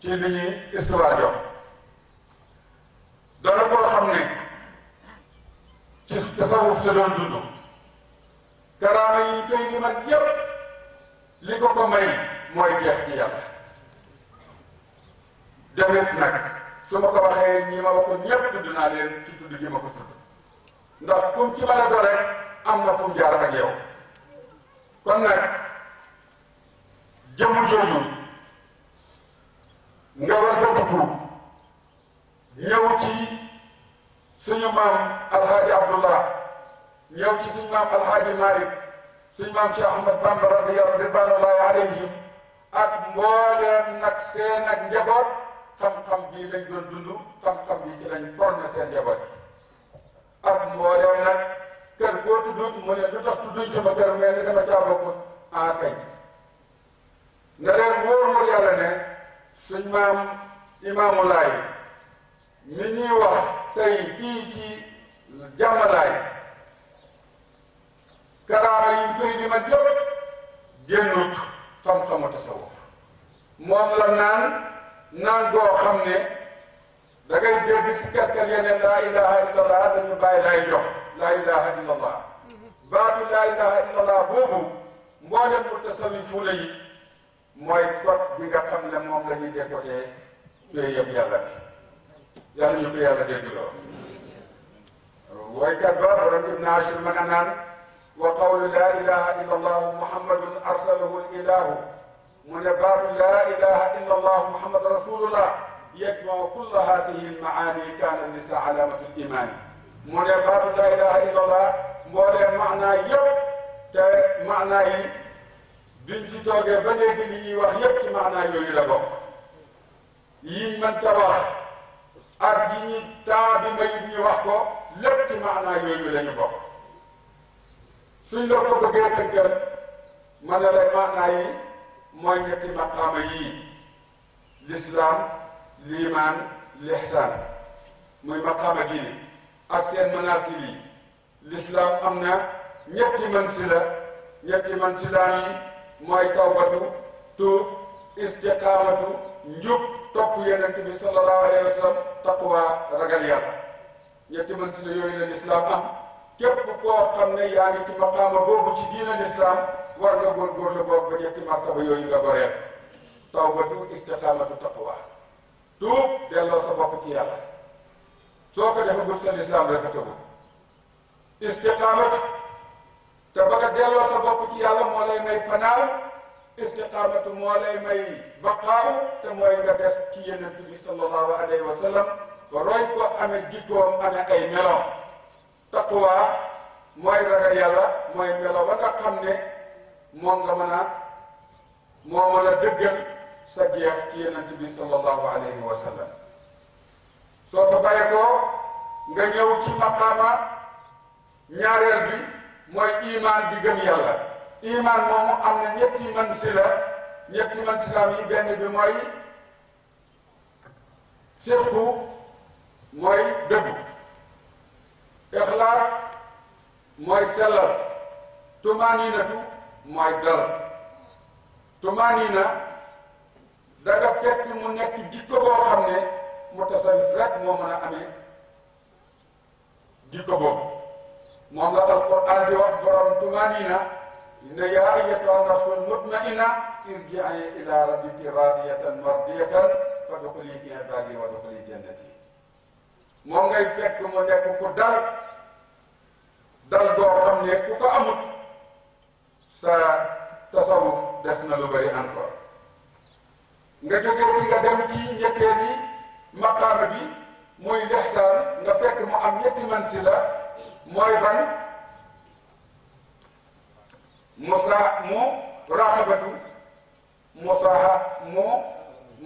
ci li ñuy histoire jox dana koo xam ne ci tasawuf la doon dund karaama yi koy limal yépp li ko ko may mooy jeex ci yàlla demit nag su ma ko waxee ñi ma waxul ñépp tudd leen ci tudd gi ma ko tudd ndax kum ci bala doo rek am na fu mu jaar ak yow kon nag jëmm jooju nga war ko dugg ñëw ci suñu maam alhaaji abdullah ñëw ci suñu maam alhaaji malik suñu maam cheikh ahmad bamba radiyallahu alayhi ak mbooleem nag seen ak njaboot xam-xam bii lañ doon dund xam-xam bi ci lañ forme seen njaboot ak mboolem nag kër boo tuddut mu ne lu tax tudduñ sama kër mel ni dafa caa bokk ah kay nga leen wóor wóor ne suñ maam imaamu laay ñuy wax tey fii ci jàmmalaay karaama yi koy di ma jot génnut xam-xamu tasawuf moom la naan naan goo xam ne da ngay dégg si katkat ya ne laa ilaha illa allah dañu bàyyi lay jox laa ilaha illa allah baatu laa ilaha illa allah boobu mboolem mutasawifuuna yi mooy code bi nga xam ne moom la ñuy décoté yooyu yëpp yàlla bi yàlla ñu ko yàlla déggloo waykat ba borom ibn Ashir ma nga naan wa qawlu laa ilaha illa allahu muhammadun arsalahu ilahu mu ne baatu laa ilaha illa allahu muhammad rasulullah يجمع كل هذه المعاني كان لسا علامة الإيمان mu ne baatu laa ilaha illallah mboolee maanaa yëpp te maanaa yi biñ si toogee ba léegi li ñuy wax yëpp yooyu la bokk yiñ mënta wax ak yi ñu temps bi mayit ñu wax ko lépp ci maanaa yooyu la ñu bokk suñ la ko bëggee tënkal ma ne la maanaa yi mooy ñetti maqaama yii l'islam liimaan lihsaan muy maqaama diine ak seen manasib yi lislaam am na ñetti mansila ñetti mansilaam yi mooy tawbatu tuub istiqaamatu njub topp yonent bi sallallahu alayhi wa sallam taqwa ragal yàlla ñetti mansila yooyu la lislaam am képp koo xam ne yaa ngi ci maqaama boobu ci diina lislaam war nga góorgóorlu boog ba ñetti martaba yooyu nga goreel tawbatu istiqaamatu taqwa tuub delloo sa bopp ci yàlla soo ko defagul sa lislaam rafetagul istiqaamat te ba nga delloo sa bopp ci yàlla moo lay may fanaaw istiqaamatu moo lay may baqaaw te mooy nga des ci yonent sallallahu alayhi wa sallam ba roy ko amee jikkoom amee ay meloom taqwa mooy ragal yàlla mooy melo ba nga ne moom nga mën a moo mën a sa jeex ci yonent bi sallallahu alayhi wa sallam soo fa bare koo nga ñëw ci maqaama ñaareel bi mooy imaan bi gëm yàlla imaan moomu am na ñetti mansila ñetti mansilaam yi benn bi mooy sidqu mooy dëggu ixlaas mooy sellal tumaninatu mooy dal tumanina da nga fekk mu nekk jikko boo xam ne mutasawif rek moo mën a amee jikko boobu moom la alquran di wax borom tumaanina ne yaa ayyatuha nafsul mutmainna irji'i ila rabbiki radiyatan mardiyatan fadxuli fi ibadi wa dxuli jannati moom ngay fekk mu nekk ku dal dal boo xam ne ku ko amut sa tasawuf des na lu bëri encore nga jógee ci nga dem ci ñetteeli maqaama bi muy lixsaan nga fekk mu am ñetti mansila mooy ban musa mu raqabatu musaha mu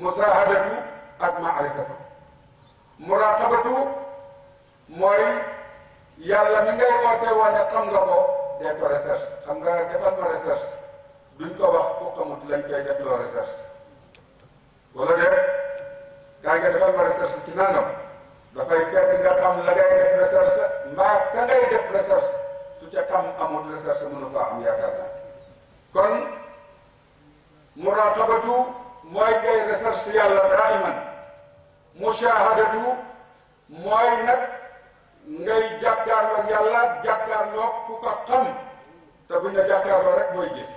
musahadatu ak maarifatu muraqabatu mooy yàlla mi ngay oote wane xam nga ko def to recherche xam nga defal ma recherche duñ wax ku xamut lañ koy def loo recherche wala de daa nga defal ma recherche ci nangam dafay fekk nga xam la ngay def recherche mbaa ka ngay def recherche su ca xam amul recherche mënu faa am yaakaar naa kon muraqabatu mooy ngay recherche yàlla daiman mushahadatu mooy nag ngay jàkkaarloo yàlla jàkkaarloo ku ko xam te buñ la rek mooy gis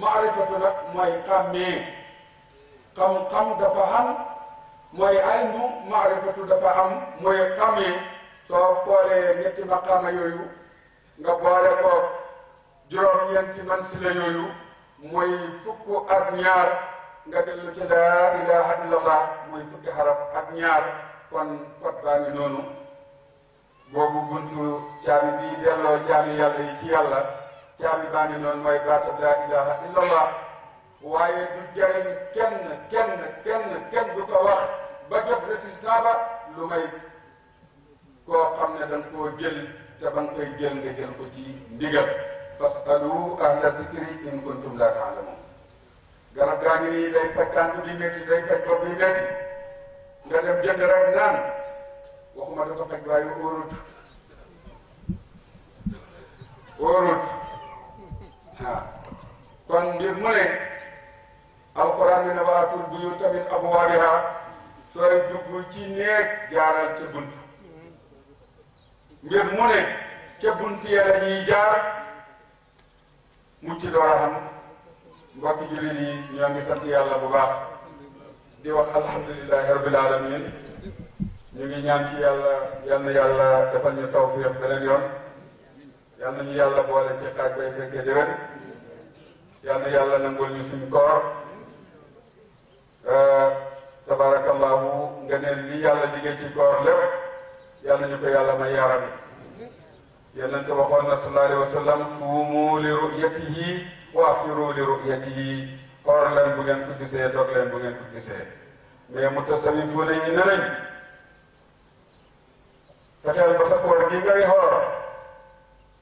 maarifatu nag mooy xàmmee xam-xam dafa am mooy almu maarifatu dafa am mooy yi soo xoolee ñetti maqaama yooyu nga boole ko juróom-ñeenti mansila yooyu mooy fukk ak ñaar nga dellu ci laa ilaha illallah mooy fukki xaraf ak ñaar kon kot baa ngi noonu boobu buntu caabi bi delloo caabi yàlla yi ci yàlla caabi baa ngi noonu mooy baata laa ilaha illallah waaye du jariñ kenn kenn kenn kenn du ko wax ba jot résultat ba lu may koo xam ne da nga koo jël te ba koy jël nga jël ko ci ndigal fasalu ahla zikri in kuntum la taalamun garab gaa day faj tànk di métti day faj bopp bi métti nga dem jënd rek naan waxuma da ko faj waaye óorut óorut waaw kon mbir mu ne alquran mi ne waatul buyuuta min abwaabihaa sooy dugg ci néeg jaaral ca bunt mbir mu ne ca bunt ya dañuy jaar mucc door a xam mbokki jullit yi ñoo ngi sant yàlla bu baax di wax alhamdulilahi rabbil alamin ñu ngi ñaan ci yàlla yal na yàlla defal ñu tawfiq beneen yoon yàlla boole ci xaaj bay fekkee déwén yàlla nangul ñu suñ koor Euh, tabarakallahu nga ne li yàlla diggee ci koor lépp yàlla ñu ko yàlla may yaram yonent waxoon na sallallahu alayhi wa sallam suumu li ru'yatihi wa aftiru li ru'yatihi xool leen bu ngeen gisee dog leen bu ngeen gisee mais mu tasami fuune ñi ne nañ fexeel ba sa gi ngay xoor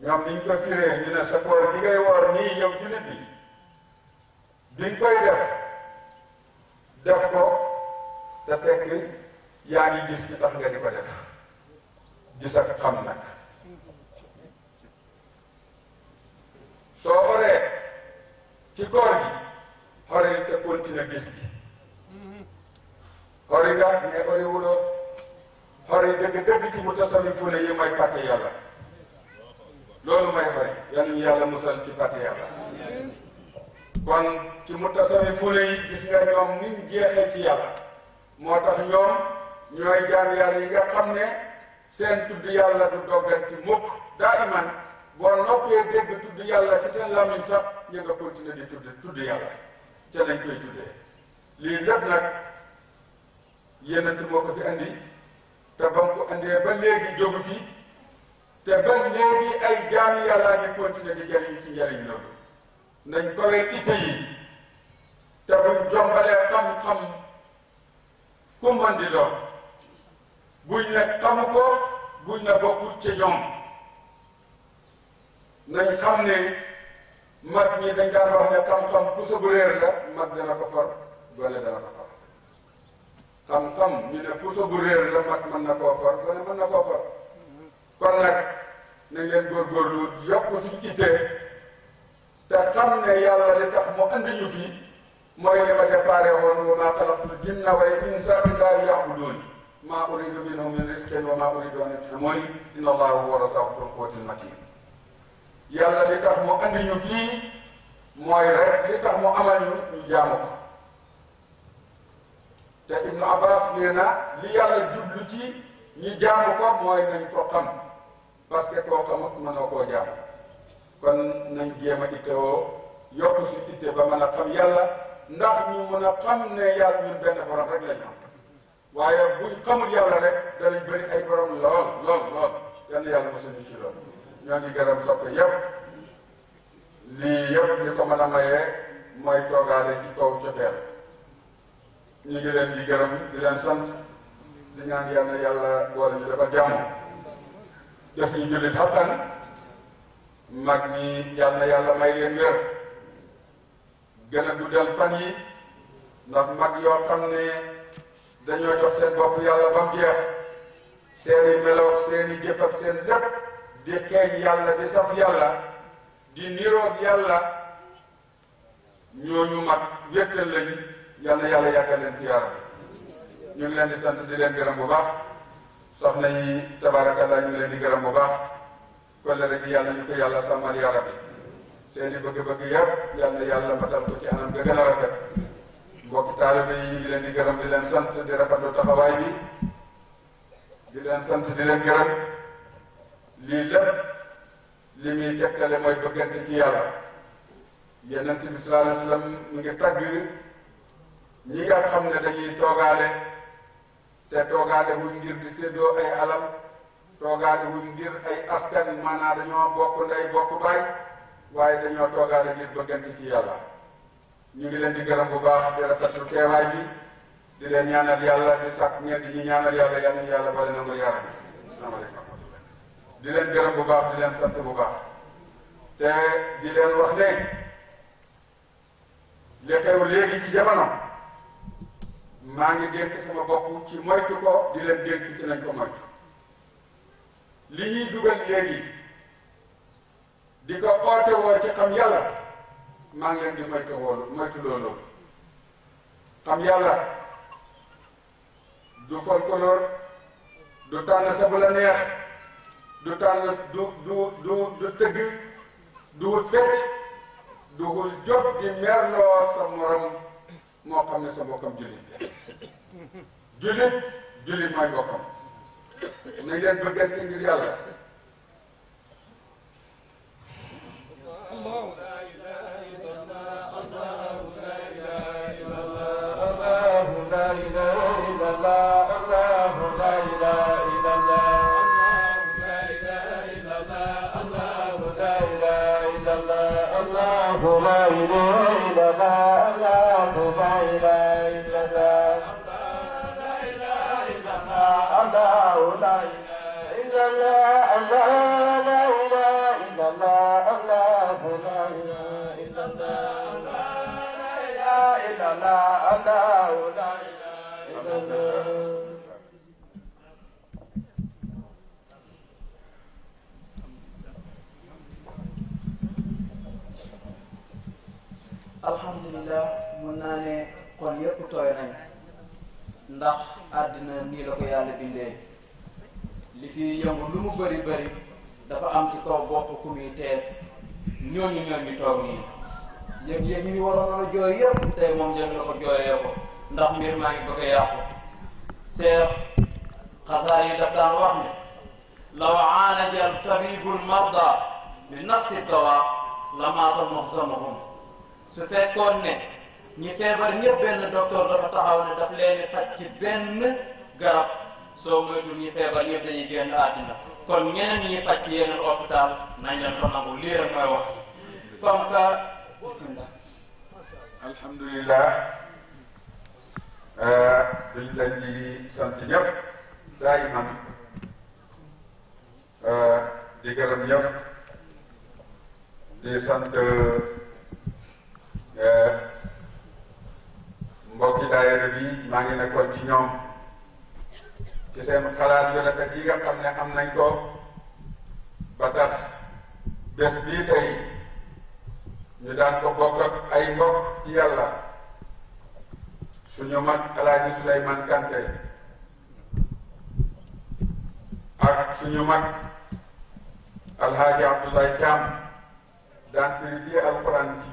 ñoom niñ ko firee ñu ne sa gi ngay woor nii yow jullit bi biñ koy def def ko te fekk yaa ngi gis li tax nga di ko def gis ak xam nag soo xoree ci koor gi xoree te continue gis gi xori nga ne xori wuloo xori dëgg dëgg ci mu tasawifu ne yi mooy fàtte yàlla loolu mooy xori yal na yàlla musal ci fàtte yàlla kon ci mu tasawee fóole yi gis nga ñoom niñ jeexee ci yàlla moo tax yoon ñooy jaam yàlla yi nga xam ne seen tudd yàlla du dogganti mukk daa iman boo noppee dégg tudd yàlla ci seen làmmiñ sax ñu nga continuer di tudd tudd yàlla te lañ koy tuddee lii lépp nag yéenant moo ko fi andi te ba mu ko andee ba léegi jógu fi te ba léegi ay jaami yàllaa ñu continuer di jariñ ci njariñ loolu nañ kowe itte yi te buñ jombalee xam-xam ku mën di doon buñ ne xamu ko buñ ne bokkut ci ñoom nañ xam ne mag ñi dañ daan wax ne xam-xam puso bu réer la mag dana ko far wala dana ko far xam-xam ñu ne puso bu réer la mag mën na koo far wala mën na koo far kon nag nañ leen góorgóorlu yokk suñ ittee te xam ne yàlla li tax mu andi ñu fii mooy li ma déparé woon wa maa xalaqtul jinna wal insa illaa liya'buduun maa uriidu minhum min rizqin wa maa uriidu an yut'imuun inna allaaha huwa razzaaqu zul matiin yàlla li tax mu andi ñu fii mooy rek li tax mu amal ñu ñu jaamu te Ibnu Abbas nee na li yàlla jublu ci jaamu ko mooy nañ ko xam parce que koo xamut mënoo koo jaamu. kon nañ jéem a ittewoo yokk suñ itte ba mën a xam yàlla ndax ñu mën a xam ne yàlla ñun benn borom rek lañ xam waaye buñ xamul yàlla rek danañ bëri ay borom lool lool lool yàlla mos a ci lool ñoo ngi gërëm soppe yëpp lii yëpp li ko mën a mayee mooy toogaale ci kaw cofeel ñu ngi leen di gërëm di leen sant di ñaan yàlla yàlla boole ñu dafa jàmm def ñu jullit xattan mag ñi yal na yàlla may leen wér gën a guddal fan yi ndax mag yoo xam ne dañoo jox seen bopp yàlla ba mu jeex seeni meloog seeni jëf ak seen lépp di yàlla di saf yàlla di niroog yàlla ñooñu mag wékkal lañ yàlla yàggal leen fi yaram ñu ngi leen di sant di leen gërëm bu baax soxna yi tabaarakallaa ñu ngi leen di gërëm bu baax wala rek yàlla yàlla sàmmal yaa rabbi seeni bëgg-bëgg yëpp yal na yàlla matal ko ci anam nga gën a rafet mbokk taalibe yi ñu leen di gërëm di leen sant di rafetlu taxawaay bi leen sant di leen gërëm lii lépp li muy tegtale mooy bëggante ci yàlla yonent bi sallallahu alayhi mu ngi tagg ñi nga xam ne dañuy toogaale te toogaale wuñ ngir di séddoo ay alam toogaale wuñ ngir ay askan naa dañoo bokk ndey bokk baay waaye dañoo toogaale ngir bëggante ci yàlla ñu ngi leen di gërëm bu baax di rafetlu teewaay bi di leen ñaanal yàlla di sàkk ngeen di ñu ñaanal yàlla yal yàlla bale nangul yaram bi asalaamaaleykum di leen gërëm bu baax di leen sant bu baax te di leen wax ne li léegi ci jamano maa ngi dénk sama bopp ci moytu ko di leen dénk ci nañ ko moytu li ñuy dugal léegi di ko oote woo ci xam yàlla maa di moytu woon moytu loolu xam yàlla du folklore du tànn sa bu la neex du tànn du du du du tëgg du wut fecc du wut jot di merloo sa morom moo xam ne sa bokkam jullit jullit jullit mooy bokkam nañ leen bëggante ngir yàlla alhamdulilah mën naa ne kon yépp tooy nañ ndax àddina nii la ko yàlla bindee li fi yëngu lu mu bëri bëri dafa am ci kaw bopp ku muy tees ñooñu ñooñu toog nii yëg yëg ñu waroon la jooy yëpp tey moom yëg la ko jooyee ko ndax mbir maa ngi bëgg a yàqu seex xasaar yi daf daan wax ne law aalaja tabibul marda bi nafsi dawa la maatal muxsamahum su fekkoon ne ñi feebar ñëpp benn docteur dafa taxaw ne daf leen faj ci benn garab soo moytuwul ñi feebar ñëpp dañuy génn àddina kon ñeneen ñi ñuy faj ci yeneen hôpital nañ leen ko nangu lii rek mooy wax ji comme que bisimilah. alhamdulilah euh, dañ leen di sant ñëpp daay euh, di gërëm ñëpp di sant euh, bi maa ngi nekkoon ci ñoom. ci seen xalaat yu rafet yi nga xam ne am nañ ko ba tax bés bii tey ñu daan ko bokk ak ay mbokk ci yàlla suñu mag alaaji Souleymane Kanté ak suñu mag alhaaji Abdoulaye Thiam daan firi fii alquran ci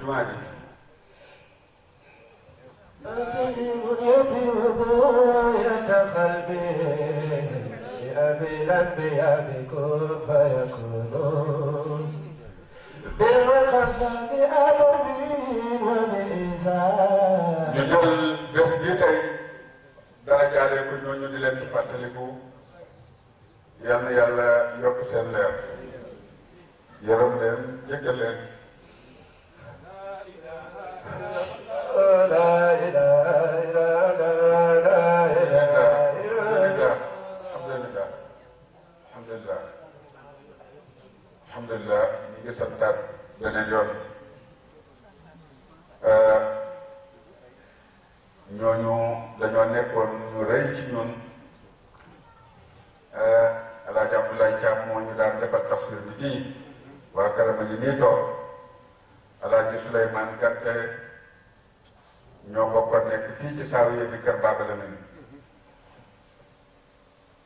أنت لي بنيتي وبوية قلبي لأبي الأنبياء بكون فيكونون بالمقدم بأدبي وبإيثار ñu jël bés bii tey dara jaadee ko ñooñu di leen ci fàttaliku yal yokk seen leer yërëm leen jëkkal beneen yoon euh, ñooñu dañoo nekkoon ñu rëy ci ñun euh, Alaaji Abdoulaye Thiam moo ñu daan defar tafsir bi fii waa karama ngi nii toog Alaaji Souleymane Gante ñoo bokkoon nekk fii ci saawiya bi kër Baaba Lamin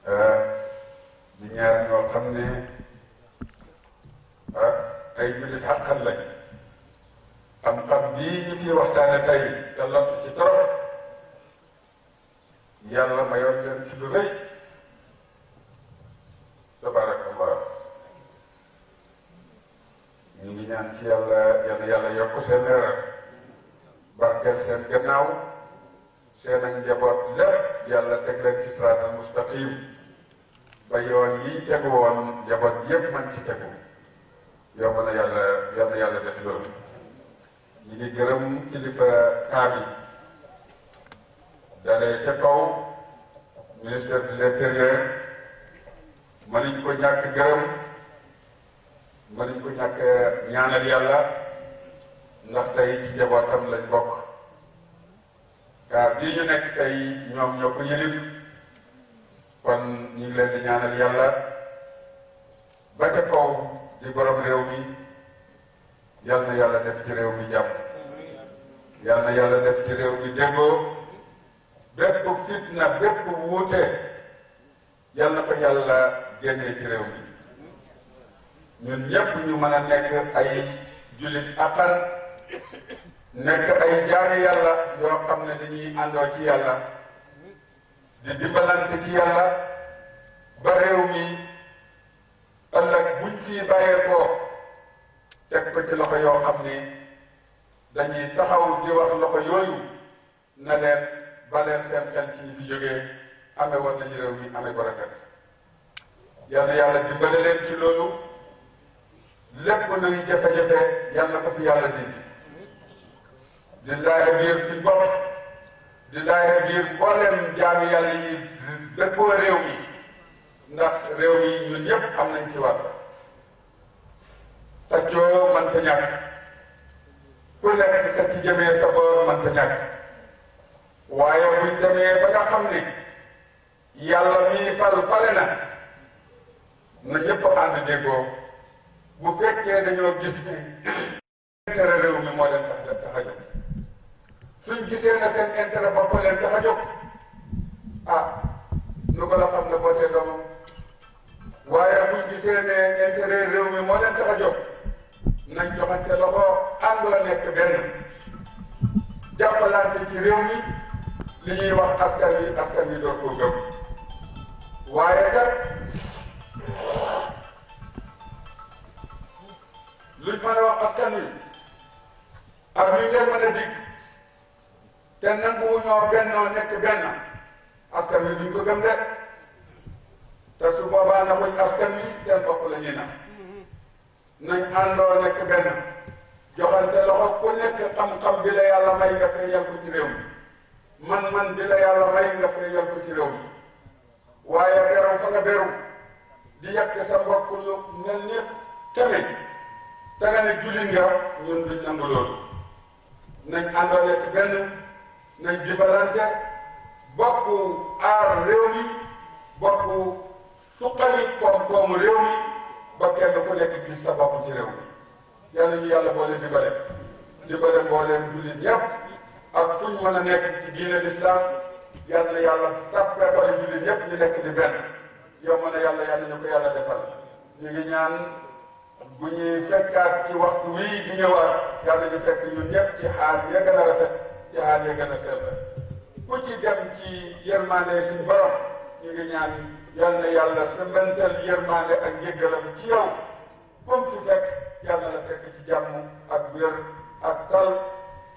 euh, di ñaar ñoo xam ne ay jullit xaqan lañ xam-xam bii ñu fi waxtaane tey te lott ci trop yàlla mayoon leen ci lu rëy tabarakallah ñu ngi ñaan ci yàlla yàlla yàlla yokk seen leeral barkeel seen gannaaw seen ak njaboot lépp yàlla teg leen ci siraatal mustaqim ba yoon yi tegu woon njaboot yépp man ci tegu yomb na yàlla yal na yàlla def loolu ñu ngi gërëm kilifa kaa bi ca kaw ministre de l'intérieur mënuñ ko ñàkk gërëm mënuñ ko ñàkk ñaanal yàlla ndax tey ci njabootam lañ bokk kaa bii ñu nekk tey ñoom ñoo ko yëlif kon ñu ngi leen ñaanal yàlla ba ca kaw di borom réew mi yal na yàlla def ci réew mi jàmm yal na yàlla ci réew mi déggoo bépp fitna bépp wuute yal na ko yàlla ci réew mi ñun ñépp ñu mën a nekk ay jullit àqal nekk ay jaami yàlla yoo xam ne dañuy àndoo ci yàlla di dimbalante ci yàlla ba réew mi ëllëg buñ fii bàyyeekoo teg ko ci loxo yoo xam ni dañuy taxaw di wax loxo yooyu na leen ba leen seen xel ci ñu fi jógee amee woon réew mi amee ko rafet yal na yàlla dimbale leen ci loolu lépp luy jafe-jafe yal na ko fi yàlla dindi di laaye si bopp di laaye biir mbooleem yàlla yi dëkkoo réew mi ndax réew mi ñun ñëpp am nañ ci war taccoo mënta ñàkk ku nekk kat ci jëmee sa boor mënta ñàkk waaye buñ demee ba nga xam ne yàlla mii fal na na ñëpp ànd déggoo bu fekkee dañoo gis ne intérêt réew a jóg suñ a ah, la xam ne bootee doomam waaye buñ gisee ne intérêt réew mi moo leen tax a jóg nañ joxante loxo àndoo nekk benn jàppalante ci réew mi li ñuy wax askan wi askan wi doon ko gëm waaye kat luñ mën a wax askan wi ak ñu ngeen mën a dig te nanguwu ñoo bennoo nekk benn askan wi duñ ko gëm de. te su boobaa naxuñ askan wi seen bopp la nax nañ àndoo nekk benn joxante loxo ku nekk xam-xam bi la yàlla may nga fee yal réew mi man-man bi la yàlla may nga fee yal réew mi waaye beru fa nga beru di yàq sa mbokk lu mel ni teme te nga ne julli nga ñun duñ nangu loolu nañ àndoo nekk benn nañ dimbalante bokk aar réew mi bokk suqali koom-koomu réew mi ba kenn ku lekk gis sa bopp ci réew mi yàlla ñu yàlla boole dimbale dimbale mbooleem jullit yépp ak fu ñu mën a nekk ci diine lislaam yàlla na yàlla tàppee pare jullit yépp ñu nekk di benn yow mën a yàlla yàlla ñu ko yàlla defal ñu ngi ñaan bu ñuy fekkaat ci waxtu wii di ñëwaat yàlla ñu fekk ñun ñëpp ci xaal ya gën a rafet ci xaal ya gën a sell ku ci dem ci yërmande suñu borom ñu ngi ñaan yal na yàlla sa bental yërmaande ak njëggalam ci yow comme ci fekk yàlla la fekk ci jàmm ak wér ak tal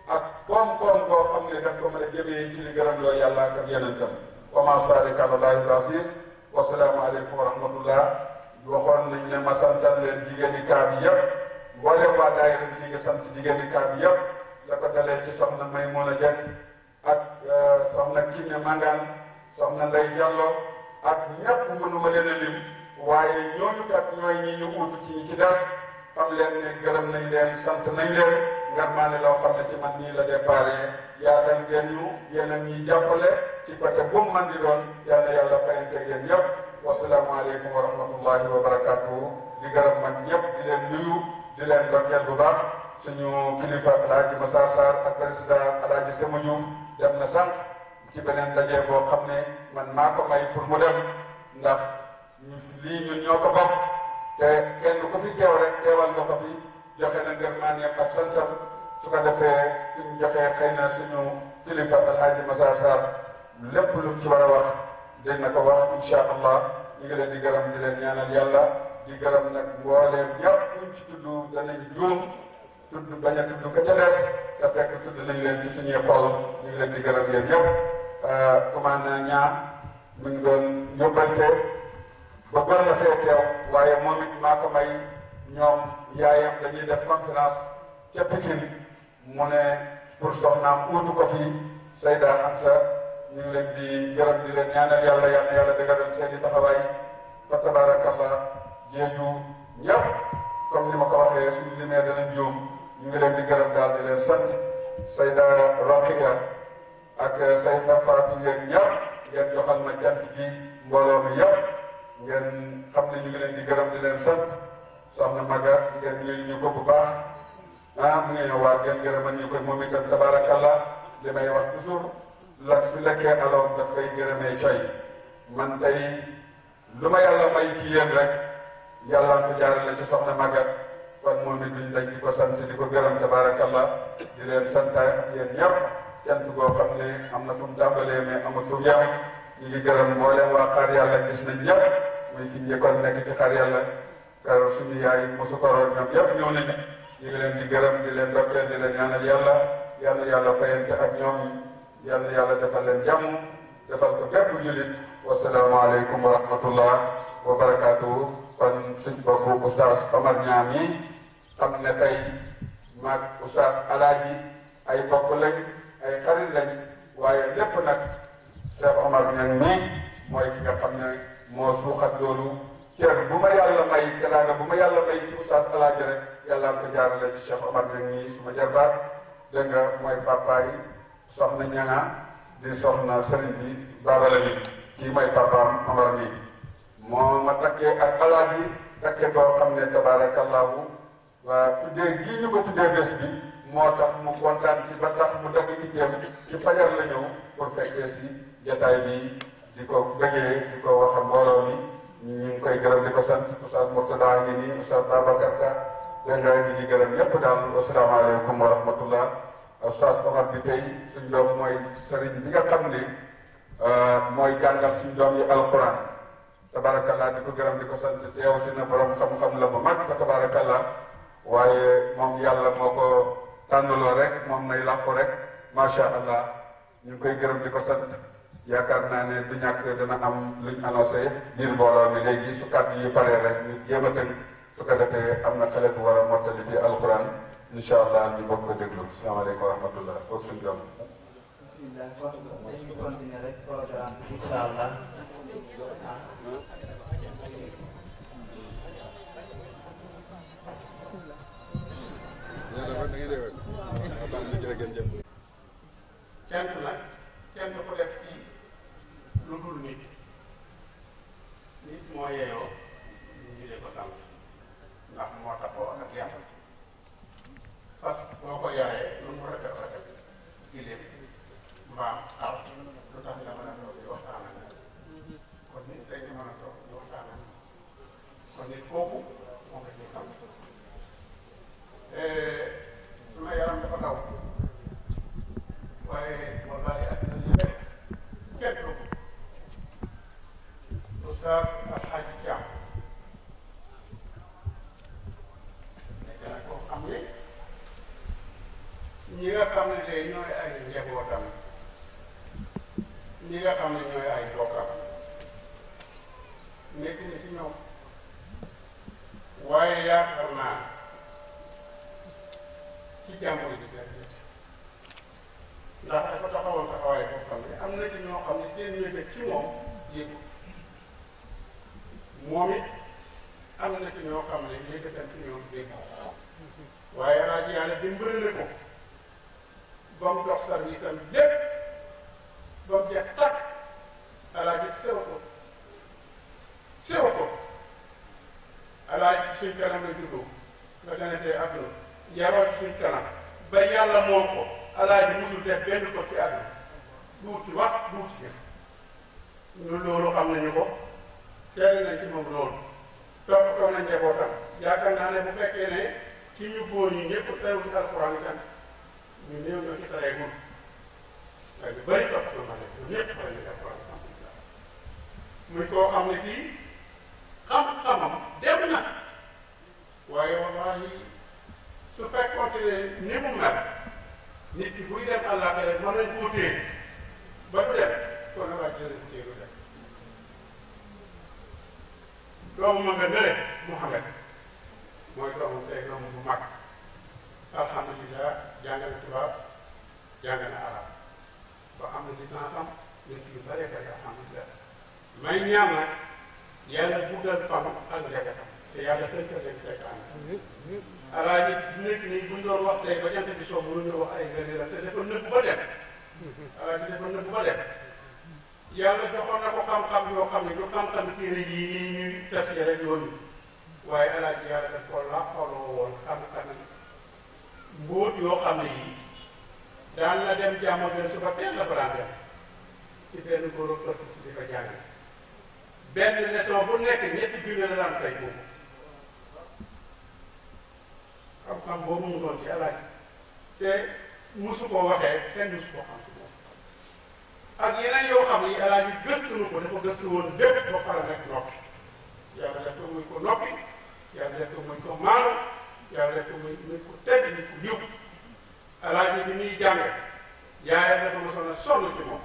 ak koom-koom boo xam ne daf ko mën a jëmee ci li gërëm loo yàlla ak ak yonentam wa maa saalika alallaahi basiis wa salaamu aleykum wa rahmatullah waxoon nañ ne ma santal leen jigéeni kaa bi yëpp boole waa daayira bi ñu ngi sant jigéeni kaa bi yëpp la ko dalee ci soxna Maymuna Jeng ak euh, soxna Kiné Mangane soxna Ndey Jallo ak ñépp mënuma leen a lim waaye ñooñu kat ñooy ñu uutu ci ci des xam leen ne gërëm nañ leen sant nañ leen ngar maa ne loo xam ne ci man nii la déparé yaatal ngeen ñu yéen a ñuy jàppale ci côté bu mu man di doon yal na yàlla fayante ngeen ñépp wasalaamaaleykum wa rahmatullahi wa barakatuhu di gërëm mag ñépp di leen nuyu di leen ndokkeel bu baax suñu kilifa alaaji Massar Sarr ak président alaaji Sema dem na sant ci beneen ndaje boo xam ne man maa ko may pour mu dem ndax lii ñun ñoo ko bokk te kenn ku fi teew rek teewal nga ko fi joxe na ngërmaaneem ak santam su ko defee suñ joxee xëy na suñu kilifa alxaaji Massar Sarr lépp lu ci war a wax dina ko wax incha allah ñu ngi leen di gërëm di leen ñaanal yàlla di gërëm nag mbooleem ñëpp ñu ci tudd danañ juum tudd bañ a tudd ka ca des te fekk tudd nañ leen ci suñuy xol ñu ngi leen di gërëm yéen ñëpp. Euh, commandant ñaa mi ngi doon yóbbante ba gor la fee teew waaye moom it maa ko may ñoom yaayam dañuy def conférence ca Pikine mu ne pour soxnaam uutu ko fii Seyda Hamza ñu ngi leen di gërëm di leen ñaanal yàlla yàlla yàlla dëgëral seen i taxawaay fa tabarakallah jeeju ñëpp comme ni ma ko waxee suñu limee danañ juum ñu ngi leen di gërëm daal di leen sant Seyda Roqiya ak Sayda Fatou yéen ñëpp ngeen joxal ma cant gi mbooloo mi yëpp ngeen xam ne ñu ngi leen di gërëm di leen sant soxna Maga ngeen ñuy ñu ko bu baax ah mu ngi ñëwaat ngeen gërëmal ñu ko moom itam tabarakallah li may wax toujours la su lekkee aloom daf koy gërëmee coy man tey lu ma yàlla may ci yéen rek yàlla ko jaarale ci soxna Maga kon moom it duñ di ko sant di ko gërëm tabarakallah di leen sant yéen ñëpp. jant goo xam ne am na fu mu tàmbalee mais amul fu mu yem ñu ngi gërëm mbooleem waa xaar yàlla gis nañ muy fi njëkkoon nekk ci xaar yàlla karo suñu yaay mosu koroon ñoom ñëpp ñëw nañ ñu ngi leen di gërëm di leen dokkeel di leen ñaanal yàlla yàlla yàlla fayante ak ñoom yàlla defal leen jàmm defal ko bépp jullit wasalaamaaleykum wa rahmatullah wa barakaatu kon suñ bokk oustaz Omar Niang yi xam ne tey Alaaji ay bokk lañ ay xarit lañ waaye lépp nag Cheikh Omar ñan nii mooy ki nga xam ne moo suuxat loolu cër bu ma yàlla may teraanga bu ma yàlla may ci oustaz alaaji rek yàlla ko jaarale ci Cheikh Omar ñan nii suma jarbaat dégg nga mooy papa yi soxna ñanga ah, di soxna sëriñ bi baabala kii mooy papaam Omar nii ma takkee ak alaaji takke koo xam ne tabaarakallaahu waa tuddee gii ñu ko tuddee bés bi moo tax mu kontaan ci ba tax mu dagg itteem ci fajar la ñëw pour fekkee si jataay bi di ko bëggee di ko wax mbooloo mi ñu ngi koy gërëm di ko sant Oustaz Mourtada ngi nii Oustaz Babacar Ka dégg nga ñu di gërëm ñëpp bi tey suñ mooy sëriñ bi nga xam ne euh, mooy jàngal suñ di ko gërëm di ko sant teew si na borom xam-xam la bu mag fa tabarakallah waaye moom yàlla moo ko tànnaloo rek moom nay làqu rek macha allah ñu koy gërëm di ko sat yaakaar naa ne du ñàkk dana am luñ annoncé biir mbooloo mi léegi su kàddu yu paree rek ñu jéem tënk su ko defee am na xale bu war a mottali fii alquran incha allah ñu bokk ko déglu salaamaaleykum wa rahmatullah boog suñu doom. bismillah kon cant nag kenn ku def ci lu dul nit nit moo yeyoo ñu ne ko sant ndax moo taxoo ak yàlla parce que boo ko yaree lu mu rafet rafet gileem mbaam xar lu tax nga mën a toog di waxtaan ak kon nit dañu mën a toog di waxtaan ak kon nit kooku Eh, sama yaram dafa daw waaye wallahi adduna li lépp kenn ko ustaas alxaaji jaam nekk na koo xam ne ñi nga xam ne tey ñooy ay njabootam ñi nga xam ne ñooy ay bokkam nekk na ci ñoom waaye yaakaar naa ci jàmbur bi fekk ndax dafa taxawal taxawaay boo xam ne am na ci ñoo xam ne seen yëg ci moom yëgut moom it am na ci ñoo xam ne yëgatam ci ñoom dégg waaye rajo yàlla dimbali na ko ba mu dox service lépp ba mu jeex tàkk alaaji sew ko sew ko alaaji suñ kanam la juddoo nga gane see àdduna yaroo ci suñ kanam ba yàlla moom ko alaaji musul def benn fa ci àdduna duuti wax duuti jëf ñu loolu xam nañu ko seetlu nañ ci moom loolu toppatoo nañ njabootam yaakaar ne bu fekkee ne ci ñu góor ñi ñëpp teewu ci alxuraan itam ñu néew ñoo ci taree gun waaye lu bëri toppatoo na ne ñëpp pare ñu alxuraan alhamdulilah muy koo xam ne kii xam-xamam dem na waaye wallaahi su fekkoon ne ni mu mel nit ki buy dem àllaaxira mën nañ koo téye ba du dem kon nag waa ji dinañ téye du dem doomu ma nga nële Muhammad mooy doomu tey doomu bu mag alhamdulilah jàng na tubaab jàng na arab ba am na licence am nit yu bare bare alhamdulilah may ñaan nag yàlla guddal fan ak njëkk te yàlla tënkal leen seetaan alaaji fi nekk nii buñ doon wax tey ba jant bi soo wax ay ngëneel la te dafa nëbb ba dem alaaji dafa nëbb ba dem yàlla joxoon na ko xam-xam yoo xam ne du xam-xam téere yi nii ñuy tafsir rek yooyu waaye alaaji yàlla daf ko làqaloo woon xam-xam mbóot yoo xam ne yii daan dem jàmm gën suba teel la fa daan dem ci benn góor ak ëpp di ben jàng benn leçon bu nekk ñetti junni la daan fay xam-xam boobu mu doon ci alaaj te musu ko waxee kenn musu ko xam ci moom ak yeneen yoo xam ni alaaj yi gëstu nu ko dafa gëstu woon lépp ba pare rek noppi yàlla def ko muy ko noppi yàlla def ko muy ko maanu yàlla def ko muy muy ko teg ni ko yóbbu alaaj yi bi muy jànge yaayam dafa mosoon a sonn ci moom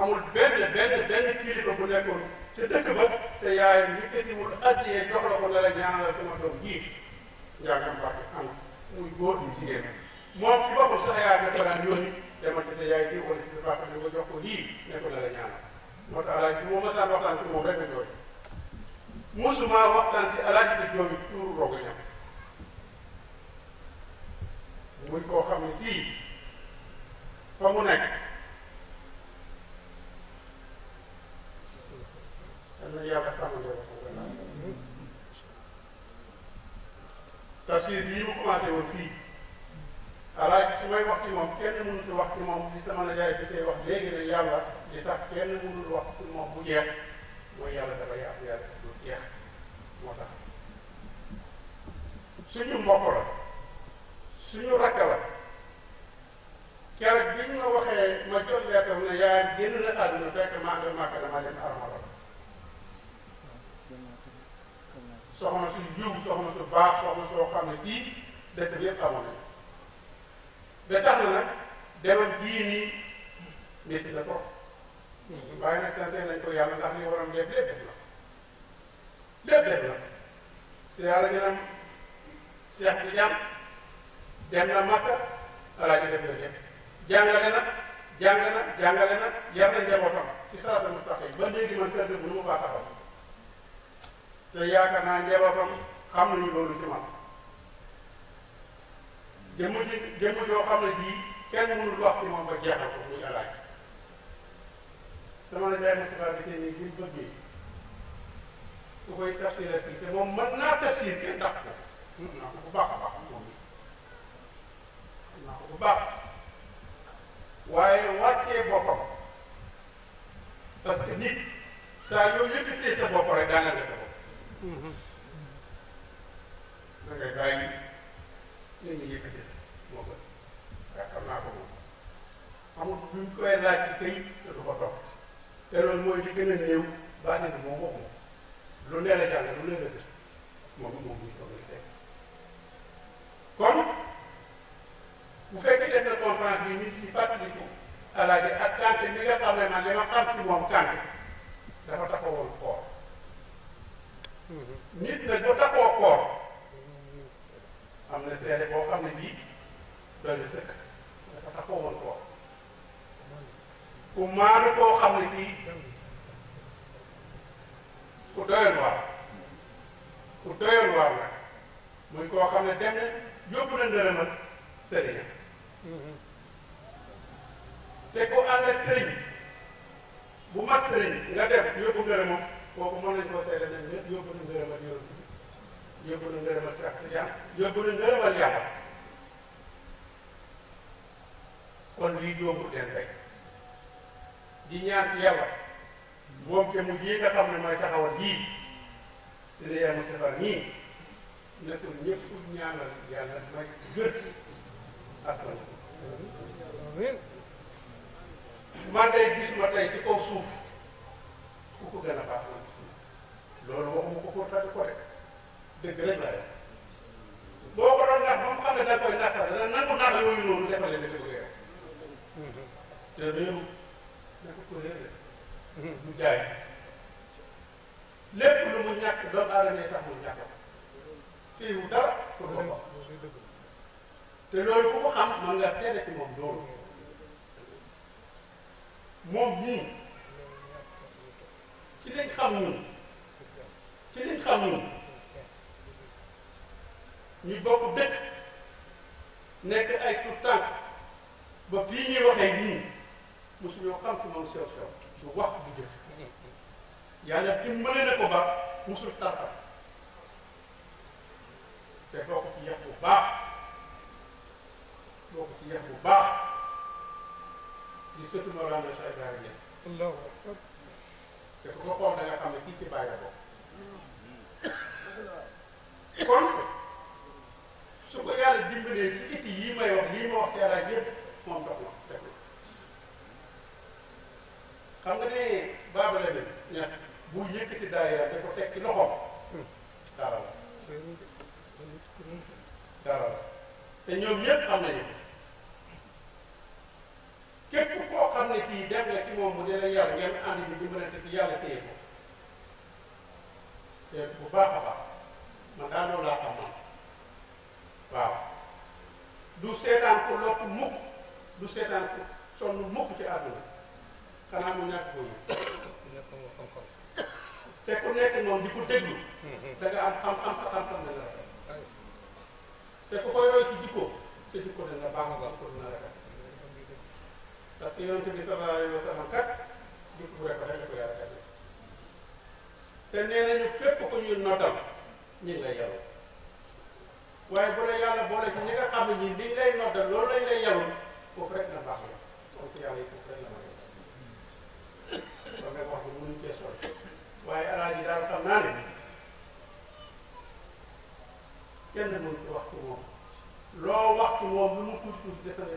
amul benn benn benn kilifa bu nekkoon te dëkk ba te yaayam yëkkatiwul addiyee jox la ko la la ñaanal sama doom ji njàngam barke am muy góor muy jigéen moom ci boppam sax yaay ko daan yónni demal ci sa yaay ji wala ci sa papa ko jox ko lii ne ko la la ma saan waxtaan ci moom rek a jooy di jooy tuuru roog a ñam muy koo xam ne kii mu nekk na yàlla sàmmante ko tafsir bii mu commencé woon fii alaaj su may wax ci moom kenn mënut wax ci moom li sama nijaay bi tey wax léegi ne li tax kenn mënul wax moom bu jeex mooy yàlla dafa yaatu yàlla du jeex moo tax suñu mbokk la suñu rakk la keroog bi ñu ma waxee ma jot leetam ne yaayam génn na àdduna fekk maa nga màkk dama leen armal soxna su yiw soxna su baax soxna soo xam ne sii dëkk bi yëpp xamoon nañ ba tax na nag demal bii nii métti la ko waaye nag sante nañ ko yàlla ndax li waroon lépp lépp def na lépp def na te yàlla ñu ne Cheikh bi jàmm dem na Makka alaaji def na lépp jàngale na jàng na jàngale na yar na njabootam ci sarata mustaqim ba léegi man kër bi mënu ma faa taxaw te yaakaar naa njabootam xam nañu loolu ci man jëmm ji jëmm joo xam ne bii kenn mënul wax moom ba jeexal ko muy alaaj dama ne day masifa bi te nii bi mu bëggee ku koy tafsir fii te moom mën naa tafsir kenn ndax ko mën naa ko bu baax a baax moom mën naa ko waaye wàccee boppam que nit saa yoo yëkkatee sa bopp rek daaneel na sa bopp da ngay bàyyi li ñu yëkkati moo gën ndax xam naa ko moom amul duñ koy laaj ci këyit te du ko topp te mooy li gën a néew bànne ni moom waxu moom lu nee la jàng lu nee la gëstu moom moom ñu nit ñi fàttaliku alaaji ak Kanté mi nga xam ne man li ma xam ci moom Kanté dafa taxawoon koor nit nag bu taxoo koor am na boo xam ne bii doy na sëkk dafa taxoo woon koor ku maanu koo xam ne kii ku doyoon waaw ku doyoon waaw la muy koo xam ne dem na yóbbu na ngërëmal sëriñ te ku ànd ak sëriñ bu mat sëriñ nga dem yóbbu ngërëmam kooku mën nañu ko seede ne ñëpp yóbbu na ngërëmal yonent bi yóbbu na ngërëmal si ak yóbbu na ngërëmal yàlla kon lii yóbbu leen rek di ñaan ci yàlla moom te mu jii nga xam ne mooy taxawal jii si la yàlla Moustapha nii na ko ñëpp ñaanal yàlla may jot askan man day gis ma tey ci kaw suuf ku ko gën a baax loolu waxuma ko pour tàgg ko rek boo ko doon ndax moom xam ne da koy naxal dana nangu nax yooyu noonu defal leen dafa bëgg te réeru naka ko réer du jaay lépp lu mu ñàkk te loolu ku ko xam man nga seede ci moom loolu moom nii ci liñ xam ñun ci liñ xam ñun ñu bokk dëkk nekk ay tout tànk ba fii ñuy waxee nii mosuñoo xam ci sew sew du wax bu jëf yàlla dimbale na ko ba mosul tarfat te boo ko ci yeex bu baax boo ko ci yeex bu baax di sëtu Mawlana Cheikh Ibrahima Niass te ku ko xool da nga xam ne kii ci bàyyi la bokk kon su ko yàlla dimbalee ci itti yii may wax lii ma nga ne Baba Lamine bu yëkkati daayira da ko teg ci loxoom dara la dara la te ñoom ñëpp am képp koo xam ne kii def nga ci moom mu dee la yar ngeen ànd di dimbalante ci yàlla téye ko te bu baax a baax man daal loolu laa xam moom waaw du seetaan ko lokk mukk du seetaan ko sonn mukk ci àdduna xanaa mu ñàkk ko xam-xam te ku nekk moom di ko déglu da nga am xam-xam sa xam-xam dana rafet te ku koy roy ci jikko sa jikko dana baax a baax ko dana rafet parce que yonent bi sallallahu alayhi wa sallam ko yàlla defee te nee nañu képp ku ñuy noddal ñu ngi lay yalul waaye bu la na baax la kon ci yàlla yi foofu rek la ma yàlla kon nag wax bi mënuñ cee sori waaye alaaji daal xam naa ne kenn mënu moom loo wax ci moom lu mu tuuti tuuti desale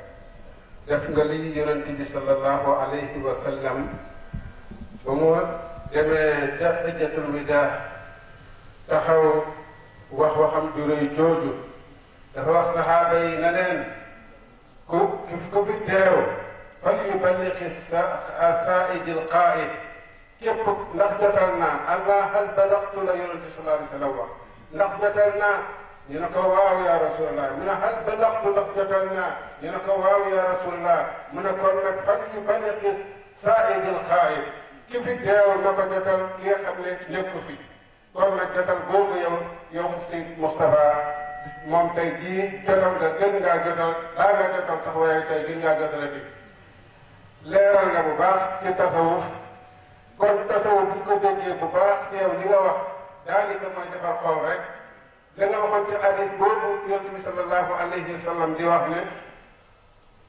def nga li yonent bi sallallahu alayhi wa sallam ba mu demee ca ijjatul widaa taxaw wax waxam ju rëy jooju dafa wax saxaaba yi na leen ku ku fi teew fal yuballiqi saa'idil qaa'id képp ndax jotal naa allah hal balaqtu la yonent bi sallallahu alayhi wa sallam wax ndax jotal naa ñu ne ko waaw ya rasulallah mu ne hal balaxtu laxdatal naa ñu ne ko waaw ya rasulallah mu ne kon nag fan yu bañ a gis saaidil xaayib ki fi teew na ko jotal ki nga xam ne nekku fi kon nag jotal boobu yow yow Seyd Moustapha moom tey jii jotal nga gën ngaa jotal daa nga jotal sax waaye tey gën ngaa jotalati leeral nga bu baax ci tasawuf kon tasawuf bu ko déggee bu baax ci yow li nga wax daanaka mooy defar xol rek da a waxoon ci xadis boobu yonent bi sallallahu alayhi wa sallam di wax ne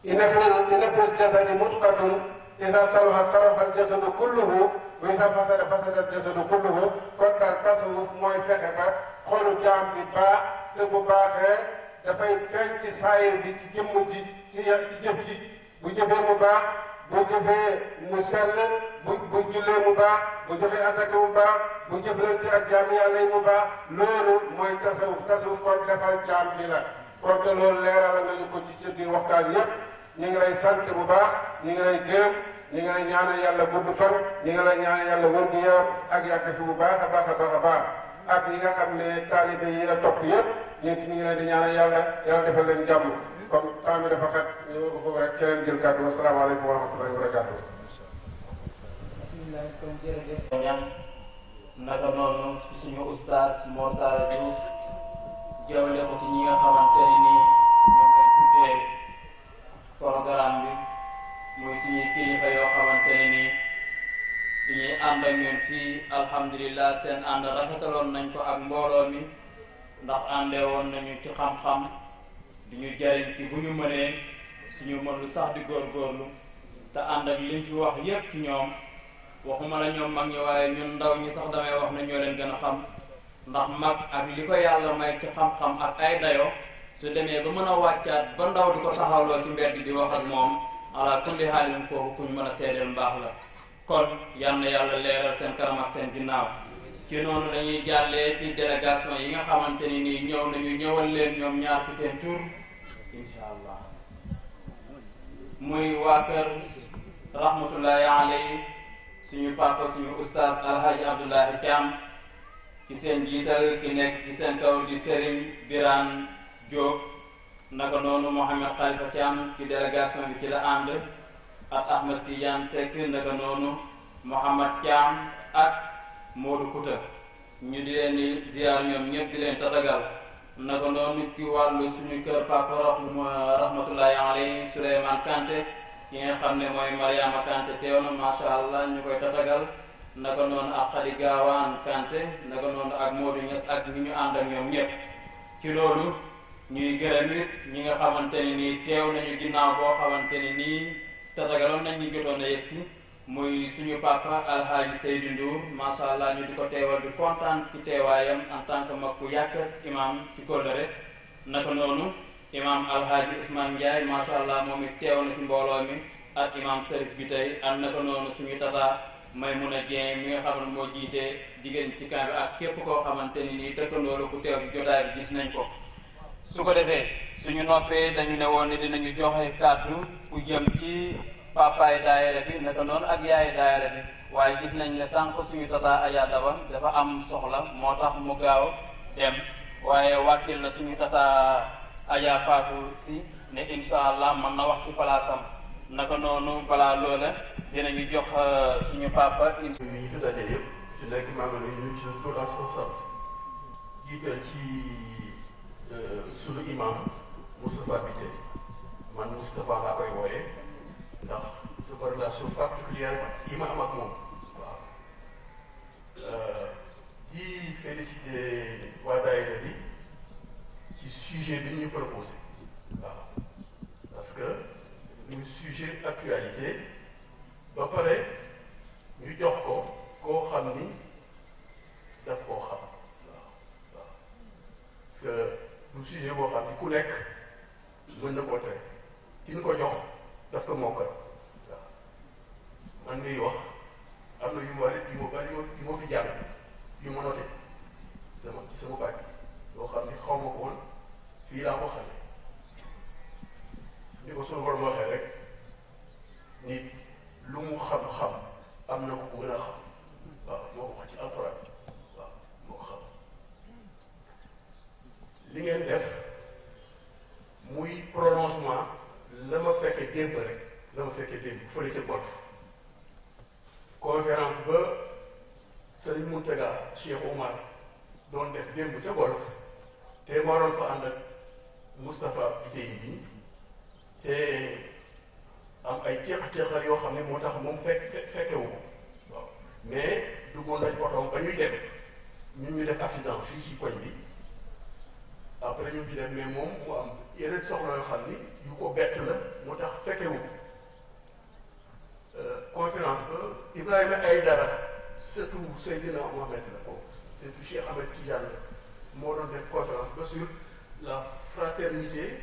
inna fi inna fi jasadi mutqatun isa salaha salaha aljasadu kulluhu wa isa fasada fasada aljasadu kulluhu kon daal tasawuf mooy fexe ba xolu jaam bi baax te bu baaxee dafay feeñ ci saayir bi ci jëmm ji ci ci jëf ji bu jëfee mu baax bu jëfee mu sell bu bu jullee mu baax bu joxee asaka mu baax bu jëflante ak jaami yàlla yi mu baax loolu mooy tasawuf tasawuf kon defal jaam bi la kon te loolu leeral nga ñu ko ci ci biir waxtaan yépp ñu ngi lay sant bu baax ñu ngi lay gërëm ñu ngi lay ñaanal yàlla gudd fan ñu ngi lay ñaanal yàlla wër gu ak yàgg fi bu baax a a a yi nga xam ne taalibe yi la topp yépp ñu ngi leen di ñaanal yàlla yàlla defal leen jàmm comme temps bi dafa xat ñu noonu suñu ustaas Mortar Diouf jawle ko ci ñi nga xamante ne nii ñoo koy bi muy suñuy kilifa yoo xamante ne nii ñuy ànd fii alhamdulilah seen ànd rafetaloon nañ ko ak mbooloo mi ndax àndee nañu ci xam-xam di ñu jariñ ci bu ñu mënee. suñu mën lu sax di góor góorgóorlu te ànd ak liñ fi wax yépp ñoom waxuma la ñoom mag ñi waaye ñun ndaw ñi sax damay wax na ñoo leen gën a xam ndax mag ak li ko yàlla may ci xam-xam ak ay dayo su demee ba mën a wàccaat ba ndaw du ko taxawloo ci mbedd di wax ak moom ala kulli xaalin kooku ku mën a seedeel mbaax la kon yal na yàlla leeral seen kanam seen ginnaaw ci noonu lañuy jàllee ci délégation yi nga xamante ni nii ñëw nañu ñëwal leen ñoom ñaar ci seen muy waa kër rahmatullahi alayhi suñu papa suñu ustaas alhaji abdullahi Thiam ci seen jiital ki nekk ci seen kaw di Serigne Birane Diop naka noonu Mohamed Khalifa Thiam ci délégation bi ci la ànd ak Ahmed Tidiane Seck naka noonu Mohamed Thiam ak Modou Kouta ñu di leen di ziar ñoom ñëpp di leen tatagal naka noonu ci wàllu suñu kër papa rahmatullahi alayhi Souleymane Kanté ki nga xam ne mooy Mariama Kanté teew na macha allah ñu koy tatagal naka noonu ak Khady Gaawaan Kanté naka noonu ak Modou Niass ak ñi ñu ànd ak ñoom ñëpp ci loolu ñuy gërëm it ñi nga xamante ne nii teew nañu ginnaaw boo xamante ne nii tatagaloon nañ ñu jotoon a yegg si muy suñu papa alxaaji Seydou Ndour macha allah ñu di ko teewal di kontaan ci teewaayam en tant que mag ku yàq imam ci kóllëre naka noonu imam alxaaji Ousmane Ndiaye macha allah moom it teew na ci mbooloo mi ak imam Serif bi tey am naka noonu suñu tata Maymuna Dieng mi nga xam ne moo jiite jigéen ci kan ak képp koo xamante ni nii dëkkandoo la ku teew ci jotaay bi nañ ko. su ko defee suñu noppee dañu ne woon ne dinañu joxe kàddu ku jëm ci. papaay daayira bi naka noonu ak yaay daayira waaye gis nañ ne sànq suñu tataa Adja Daba dafa am soxla moo tax mu gaaw dem waaye wàkkil na suñu tataa Adja Fatou si ne incha allah mën na wax ci palaasam naka noonu balaa loola dinañu jox euh, suñu papa. ñu ngi fi daje yëpp ci nekk maa ngi nuyu ci euh, man Moustapha laa koy wooyee. ndax sama relation particulière yi ma am ak moom waaw euh, di félicité waa daayira bi ci sujet bi ñu proposé waaw parce que muy sujet actualité ba pare ñu jox ko koo xam ni daf koo xam waaw waaw parce que du sujet boo xam ni ku nekk mën ko tere ki ko jox daf ko mokkal waaw man miy wax am na yu ma yu ma bari fi jàng yu ma noté sama sama baat yoo xam ne xaw ma ko fii laa ko xamee rek nit lu mu xam-xam am na ko ku ko wax ci alxuraan waaw moo xam li ngeen def muy prolongement la ma fekkee démb rek la ma fekke démb fële ca golf conférence ba sëriñ Muntaga Cheikh Oumar doon def démb ca golf te ma fa ànd ak Moustapha Bitey bi te am ay teex-teexal yoo xam ne moo tax moom fekk fekkewu ko waaw mais duggoon nañ otoom ba ñuy dem ñun ñu def accident fii ci koñ bi après ñu ngi mais moom mu am yeneen soxla yoo xam ni yu ko bett la moo tax fekkewu euh, conférence ba Ibrahima Aïdara surtout Seydina Mohamed la ko surtout Cheikh Ahmed Tidiane la moo doon def conférence ba sur la fraternité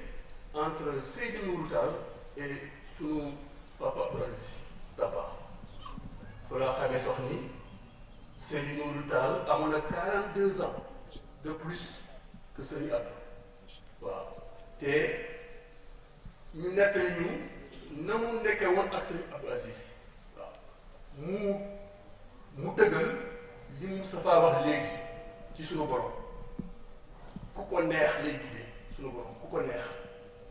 entre Seydi Nourou Tall et sunu papa Abdoulaye Dabakh balaa xamee sax ni Seydi Nourou Tall amoon na 42 ans de plus que Seydi Abdou waaw. te ñu nekk ñu na mu nekke woon ak sëñ Abdou Aziz waaw mu mu dëggal li Moustapha wax léegi ci suñu borom ku ko neex lay gidee suñu borom ku ko neex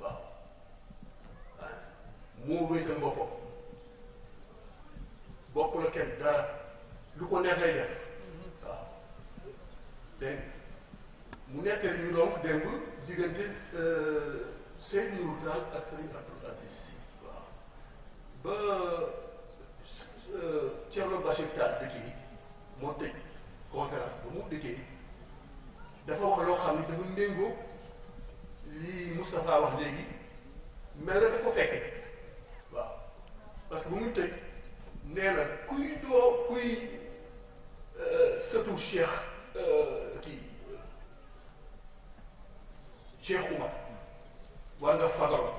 waaw waaw moo wéetal boppam bokku la kenn dara lu ko neex lay def mm-hmm. waaw dégg mu nekk ñu donc démb diggante euh, Seydou Nour Tall ak Serigne Abdoul Aziz Sy waaw ba euh, Thierno Bachir Tall dëkkee moo tëj conférence ba mu dëkkee dafa wax loo xam ne dafa méngoo li Moustapha wax léegi mel na daf ko fekke waaw parce que bu muy tëj nee na kuy doo kuy euh, sëtu Cheikh Cheikh Oumar war nga fagaru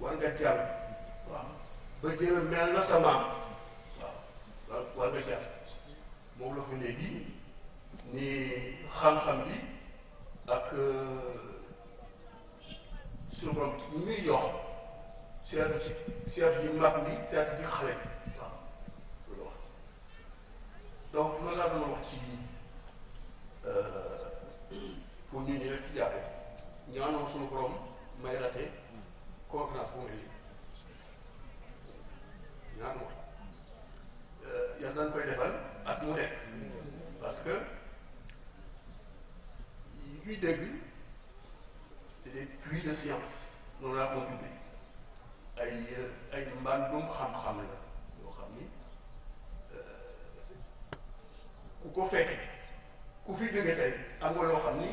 war nga jàll waaw ba jëla mel na sa maam waaw war nga jàll moom la ko léegi ni xam-xam bi ak euh, suñu borom ñu muy seet ci seet yi mag bi seet yi xale bi waaw loolu wax donc loolu laa doon wax ci euh, pour ñu ñu rek ci ñaanoo suñu borom may raté conférence bu mel nii ñaar euh, koy defal at parce que yi ñuy dégg c'est des puits de science noonu la yoo xam ni euh, ku ko fekkee ku fi jóge am nga loo xam ni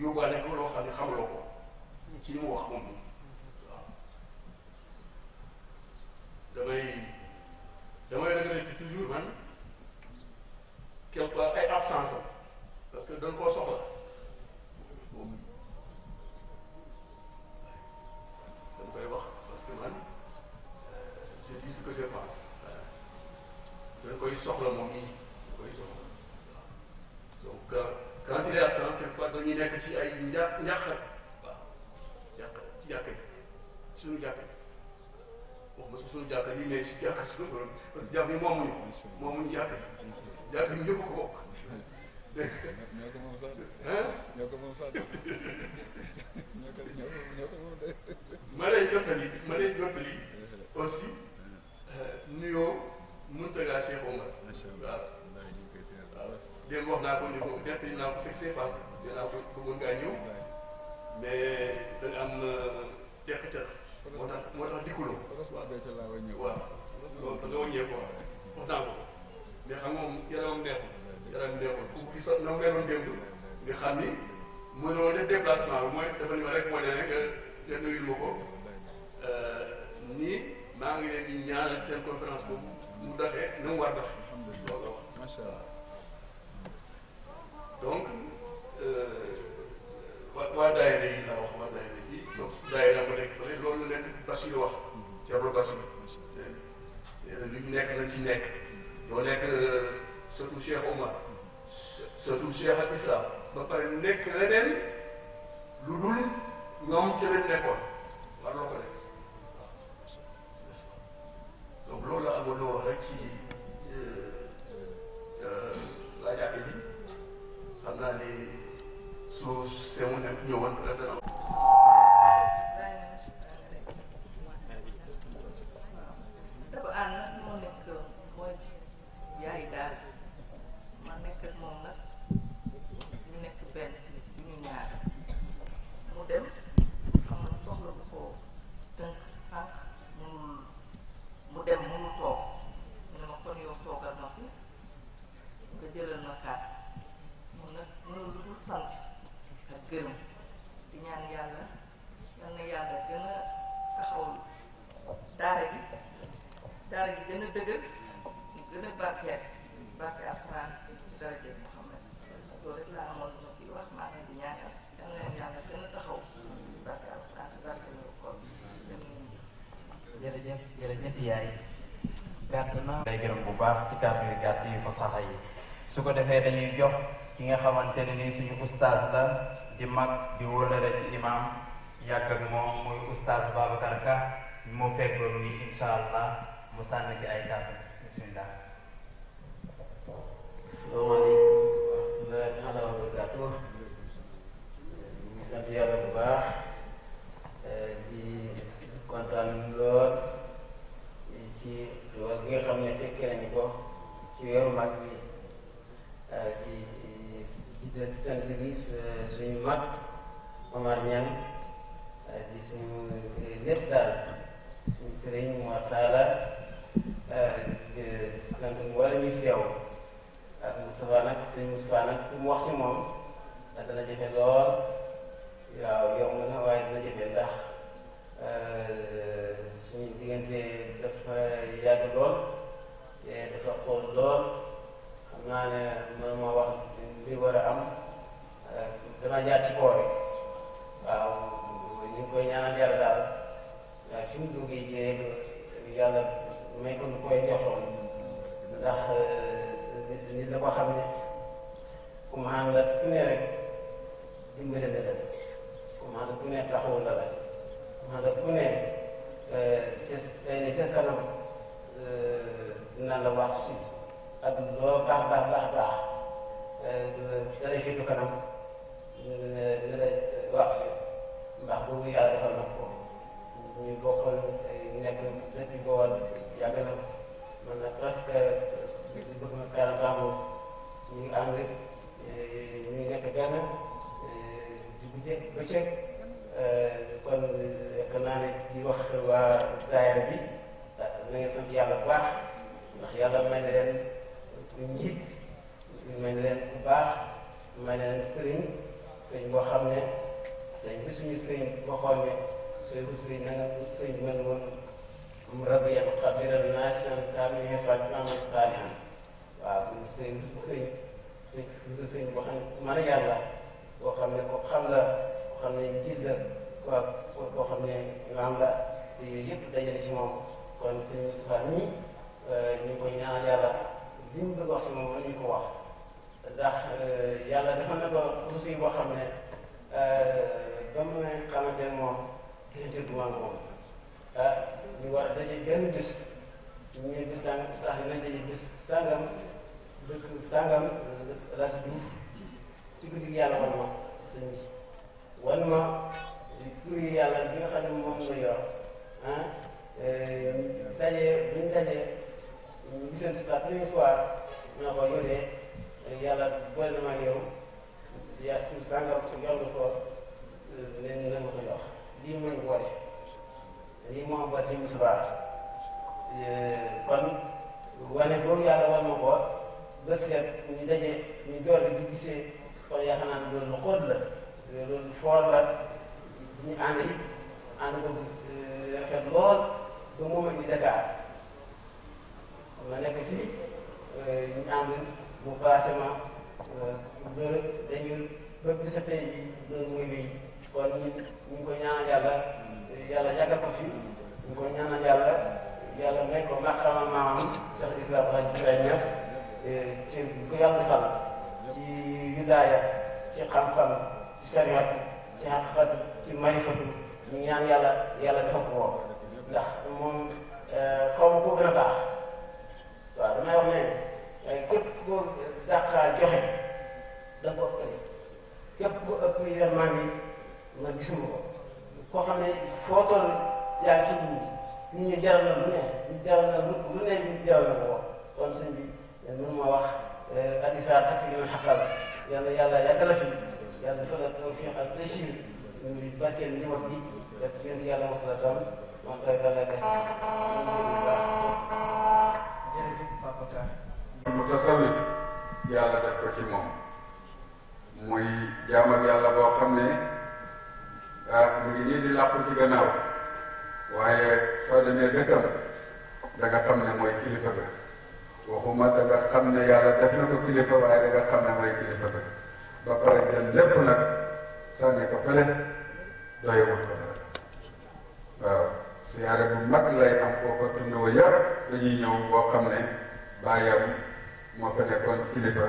yóbbaale ko loo xam ne xamuloo ko ci mu wax moom waaw damay damay regretter toujours man quelquefois ay absence am parce que dañ koo soxla dañ koy wax parce man euh, je dis ce que je pense soxla moom nii dañ soxla waaw donc. Euh, 40 personnes quelquefois dañuy nekk ci ay njà njàqare waaw njàqare ci jàkka ji suñu jàkka ji waxuma si suñu jàkka ji mais si jàkka suñu borom parce que jàkka ji moomuñu moomuñu jàkka ji jàkka ji ñëpp ko bokk dégg nga. démb wax naa ko ni ko nettali naa ko ce qui s'est passé dinaa ko bëggoon ngaa ñëw mais da am euh, teq-teq moo tax moo tax dikkuloo. waaw loolu da nga wàññeeku waaw wax naa ko mais xam moom yaramam neexul yaram neexul ku gis ni mooy loolu def déplacement ni ma rek mooy ne rek nga nuyul ma ko euh, nii maa ngi leen di ñaanal seen conférence boobu mu doxee na mu war a doxee loolu la wax. donc euh, wa waa daayira yi la wax waa daayira yi donc daayira ba nekk fële loolu leen Basiru wax Thierno Basiru li ñu nekk nañ ci nekk doo nekk euh, surtout Cheikh Omar surtout Cheikh al Islam ba pare nekk leneen lu dul ñoom ca lañ nekkoon war loo ko def donc loolu la amoon na wax rek ci daal di su sewoon ak ñëwoon dana baax ci kàddu yu gàtt yu fasaxa yi su ko defee dañuy jox ki nga xamante ne nii suñu ustaas la di mag di wóolare ci imam yàgg ak moom muy ustaas Babacar Ka mu fekkoon ni incha allah mu sànni ci ay kàddu bismillah salaamaaleykum wa rahmatullahi taala wa barakatuh ñu ngi bu baax eh, lool ci loolu bi nga xam ne fekkee nañu ko ci weeru mag bi euh, di di di sant gi suñu mag Omar Niang euh, di suñu lépp daal suñu sëriñ Mor Talla euh, di sant wala mi fi yow ak Moustapha nag suñu Moustapha nag mu wax ci moom dana jafe lool waaw yomb na waaye dina jafe ndax. Euh, suñu diggante dafa yàgg lool te dafa xool lool xam naa ne mënuma wax li war a am euh, dama jaar ci koor waaw ñu koy ñaanal yàlla daal waaye fi mu duggee jéeg yàlla may ko lu koy joxoon ndax euh, nit la ko xam ne ku mu àndal ku ne rek dimbale na la ku mu àndal ku ne taxawu na la. xam ne ku ne des day ne ca kanam dina eh, la wax si ak loo baax baax baax baax eh, dalay féetu kanam dina la wax si na ko ñu bokkal eh, nekk depuis boobal yàgg na man na presque bëgg na quarante ans moom ànd ñu nekk benn di guddee bëccëg Euh, kon euh, kon naa ne di wax waa daayira bi ah, na ngeen sant yàlla bu baax ndax yàlla may leen njiit may na leen bu baax may na leen sëriñ sëriñ boo xam ne sëriñ bi suñu sëriñ waxoon ne sooy wut sëriñ na nga wut sëriñ mën woon rabbiyan qadiran naasian kaamilan faaqihan saalihan waaw sëriñ sëriñ sëriñ boo xam ne a yàlla boo xam ne ko xam la xam ne njiit la ko boo xam ne imaam la te yooyu yëpp dajale ci moom kon sëñ Moustapha nii euh, ñu ngi koy ñaanal yàlla liñ bëgg wax ci moom mën ñu ko wax ndax euh, yàlla dafa na ko tuuti boo xam ne euh, ba mu xamante ne moom diggante du man moom ah ñu war a daje benn bis ñu ngi bis sàngam saa si nañ dëkk sàngam rajo Diouf ci guddi yàlla wan ma sëñ bi wal ma turi yàlla bi nga xam ne moom nga yor ah eh, daje bu ñu dajee ñu gisante la première fois mu ne ko yow de yàlla boole na ma yow yaa tur sàngam yor nga ko eh, leen na ma ko jox lii mooy boole lii moo am boole si musiba eh, kon wane boobu yàlla wan ma ko ba seet ñu daje ñu door di gisee kon yaakaar naa ne la loolu foor la ñu ànd yi ànd ko eh, rafet mu wër di Dakar ma nekk fii eh, ñu ànd mu passé ma loolu eh, dañuy bëgg sa tey bi loolu muy wéy kon ñu ñu ko ñaanal yàlla yàlla yàggal ko fi ñu ko ñaanal yàlla yàlla may ko maqaama maamam Cheikh Islam El Hadj Ibrahima Niass te bu ko yàlla defal ci wilaaya sariat ci xaqat ci marifatu ñu ñaan yàlla yàlla dafa ko woo ndax moom euh, xaw koo gën a baax waaw damay wax ne euh, képp koo dàqaa joxe da nga ko ëppale képp ku ëpp yërmande nga gisuma ko koo xam ne foo toll yaa ngi ci dugub nit jaral na lu ne ñu jaral na lu lu ne ñu jaral na ko kon ma wax Adisa tafi ñu yàlla yàlla yàgg la yàlla defal la tawfiq ak tachir ñu yàlla mos ko ci moom muy jaam ak yàlla boo xam ne ah mu ngi nii làqu ci gannaaw waaye soo demee dëkkam da nga xam ne mooy kilifa ba waxuma da xam ne yàlla def na ko kilifa waaye da xam ne mooy kilifa ba. ba pare jël lépp nag sànni ko fële doy ko dara waaw siyaare bu mag lay am foofa tund wa yar dañuy ñëw boo xam ne baayam moo fa nekkoon kilifa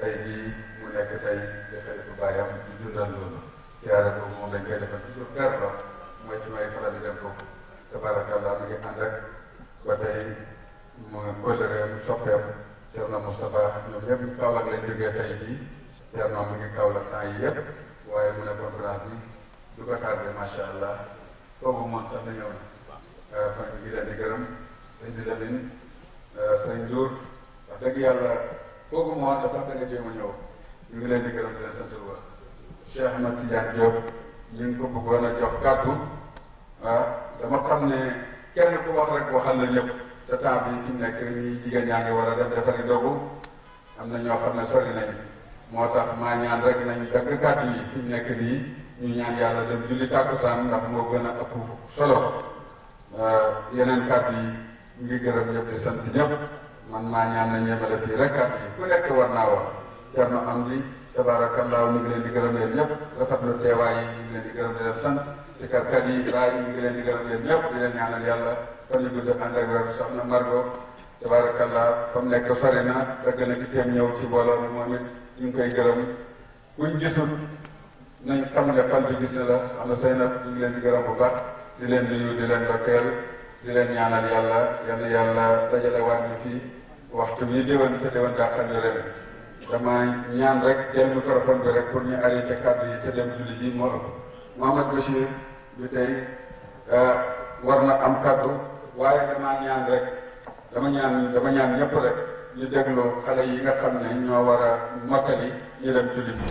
tey jii mu nekk tey dafay fa baayam di dundal loolu siyaare boobu moom dañ koy defal toujours fer la mooy ci may faral di dem foofu tabarakallah mi ngi ànd ak ba tey mu kóllëreem soppeem Cerno Moustapha ñoom ñëpp ñu Kaolack lañ jógee tey jii Thierno mu ngi Kaolack la yii yëpp waaye mu ne conférence bi du ko tardé macha allah kooku moom sax na ñëw na fan ngi leen gërëm dañ di leen euh, sëñ Diour wax dëgg yàlla kooku moo tax sax da nga ñëw ñu ngi leen di gërëm di leen sant bu baax Cheikh Ahmed Tidiane Diop ñu ngi ko bëggoon a jox kàddu ah dama xam ne kenn ku wax waxal la ñëpp te temps bi fi mu nekk nii jigéen ñaa defar war a dem defari am na ñoo xam ne sori nañ. moo tax maa ñaan rek nañ dagg kàddu yi fi nekk nii ñu ñaan yàlla dem julli tàkkusaan ndax moo gën a ëpp solo euh, yeneen kàddu yi ngi gërëm ñëpp sant ñëpp man maa ñaan nañ yemale fii rek kàddu yi ku nekk war naa wax Thierno Amdi tabaarakallaahu ngi leen di gërëm leen ñëpp rafetlu teewaay yi ñu ngi leen di gërëm di leen sant ci yi raay ngi leen di gërëm leen ñëpp di leen ñaanal yàlla fan yu gudd ànd ak wér soxna Margo fa mu nekk sori na dëgg na ci ñëw ci mbooloo mi moom it ñu ngi koy gërëm kuñ gisul nañ xam ne xal bi gis ne la soxna Seynab ñu ngi leen di gërëm bu baax di leen nuyu di leen dokkeel di leen ñaanal yàlla yal yàlla dajalewaat ñu fii waxtu bi déwén te déwén daa xam ne ren ñaan rek jël microphone bi rek pour ñu arrêté kàddu yi te dem julli ji moo ëpp Mouhamed Bachir bi tey euh, war na am kàddu waaye dama ñaan rek dama ñaan dama ñaan ñëpp rek. ñu déglu xale yi nga xam ne ñoo war a mottali ñu dem julli bi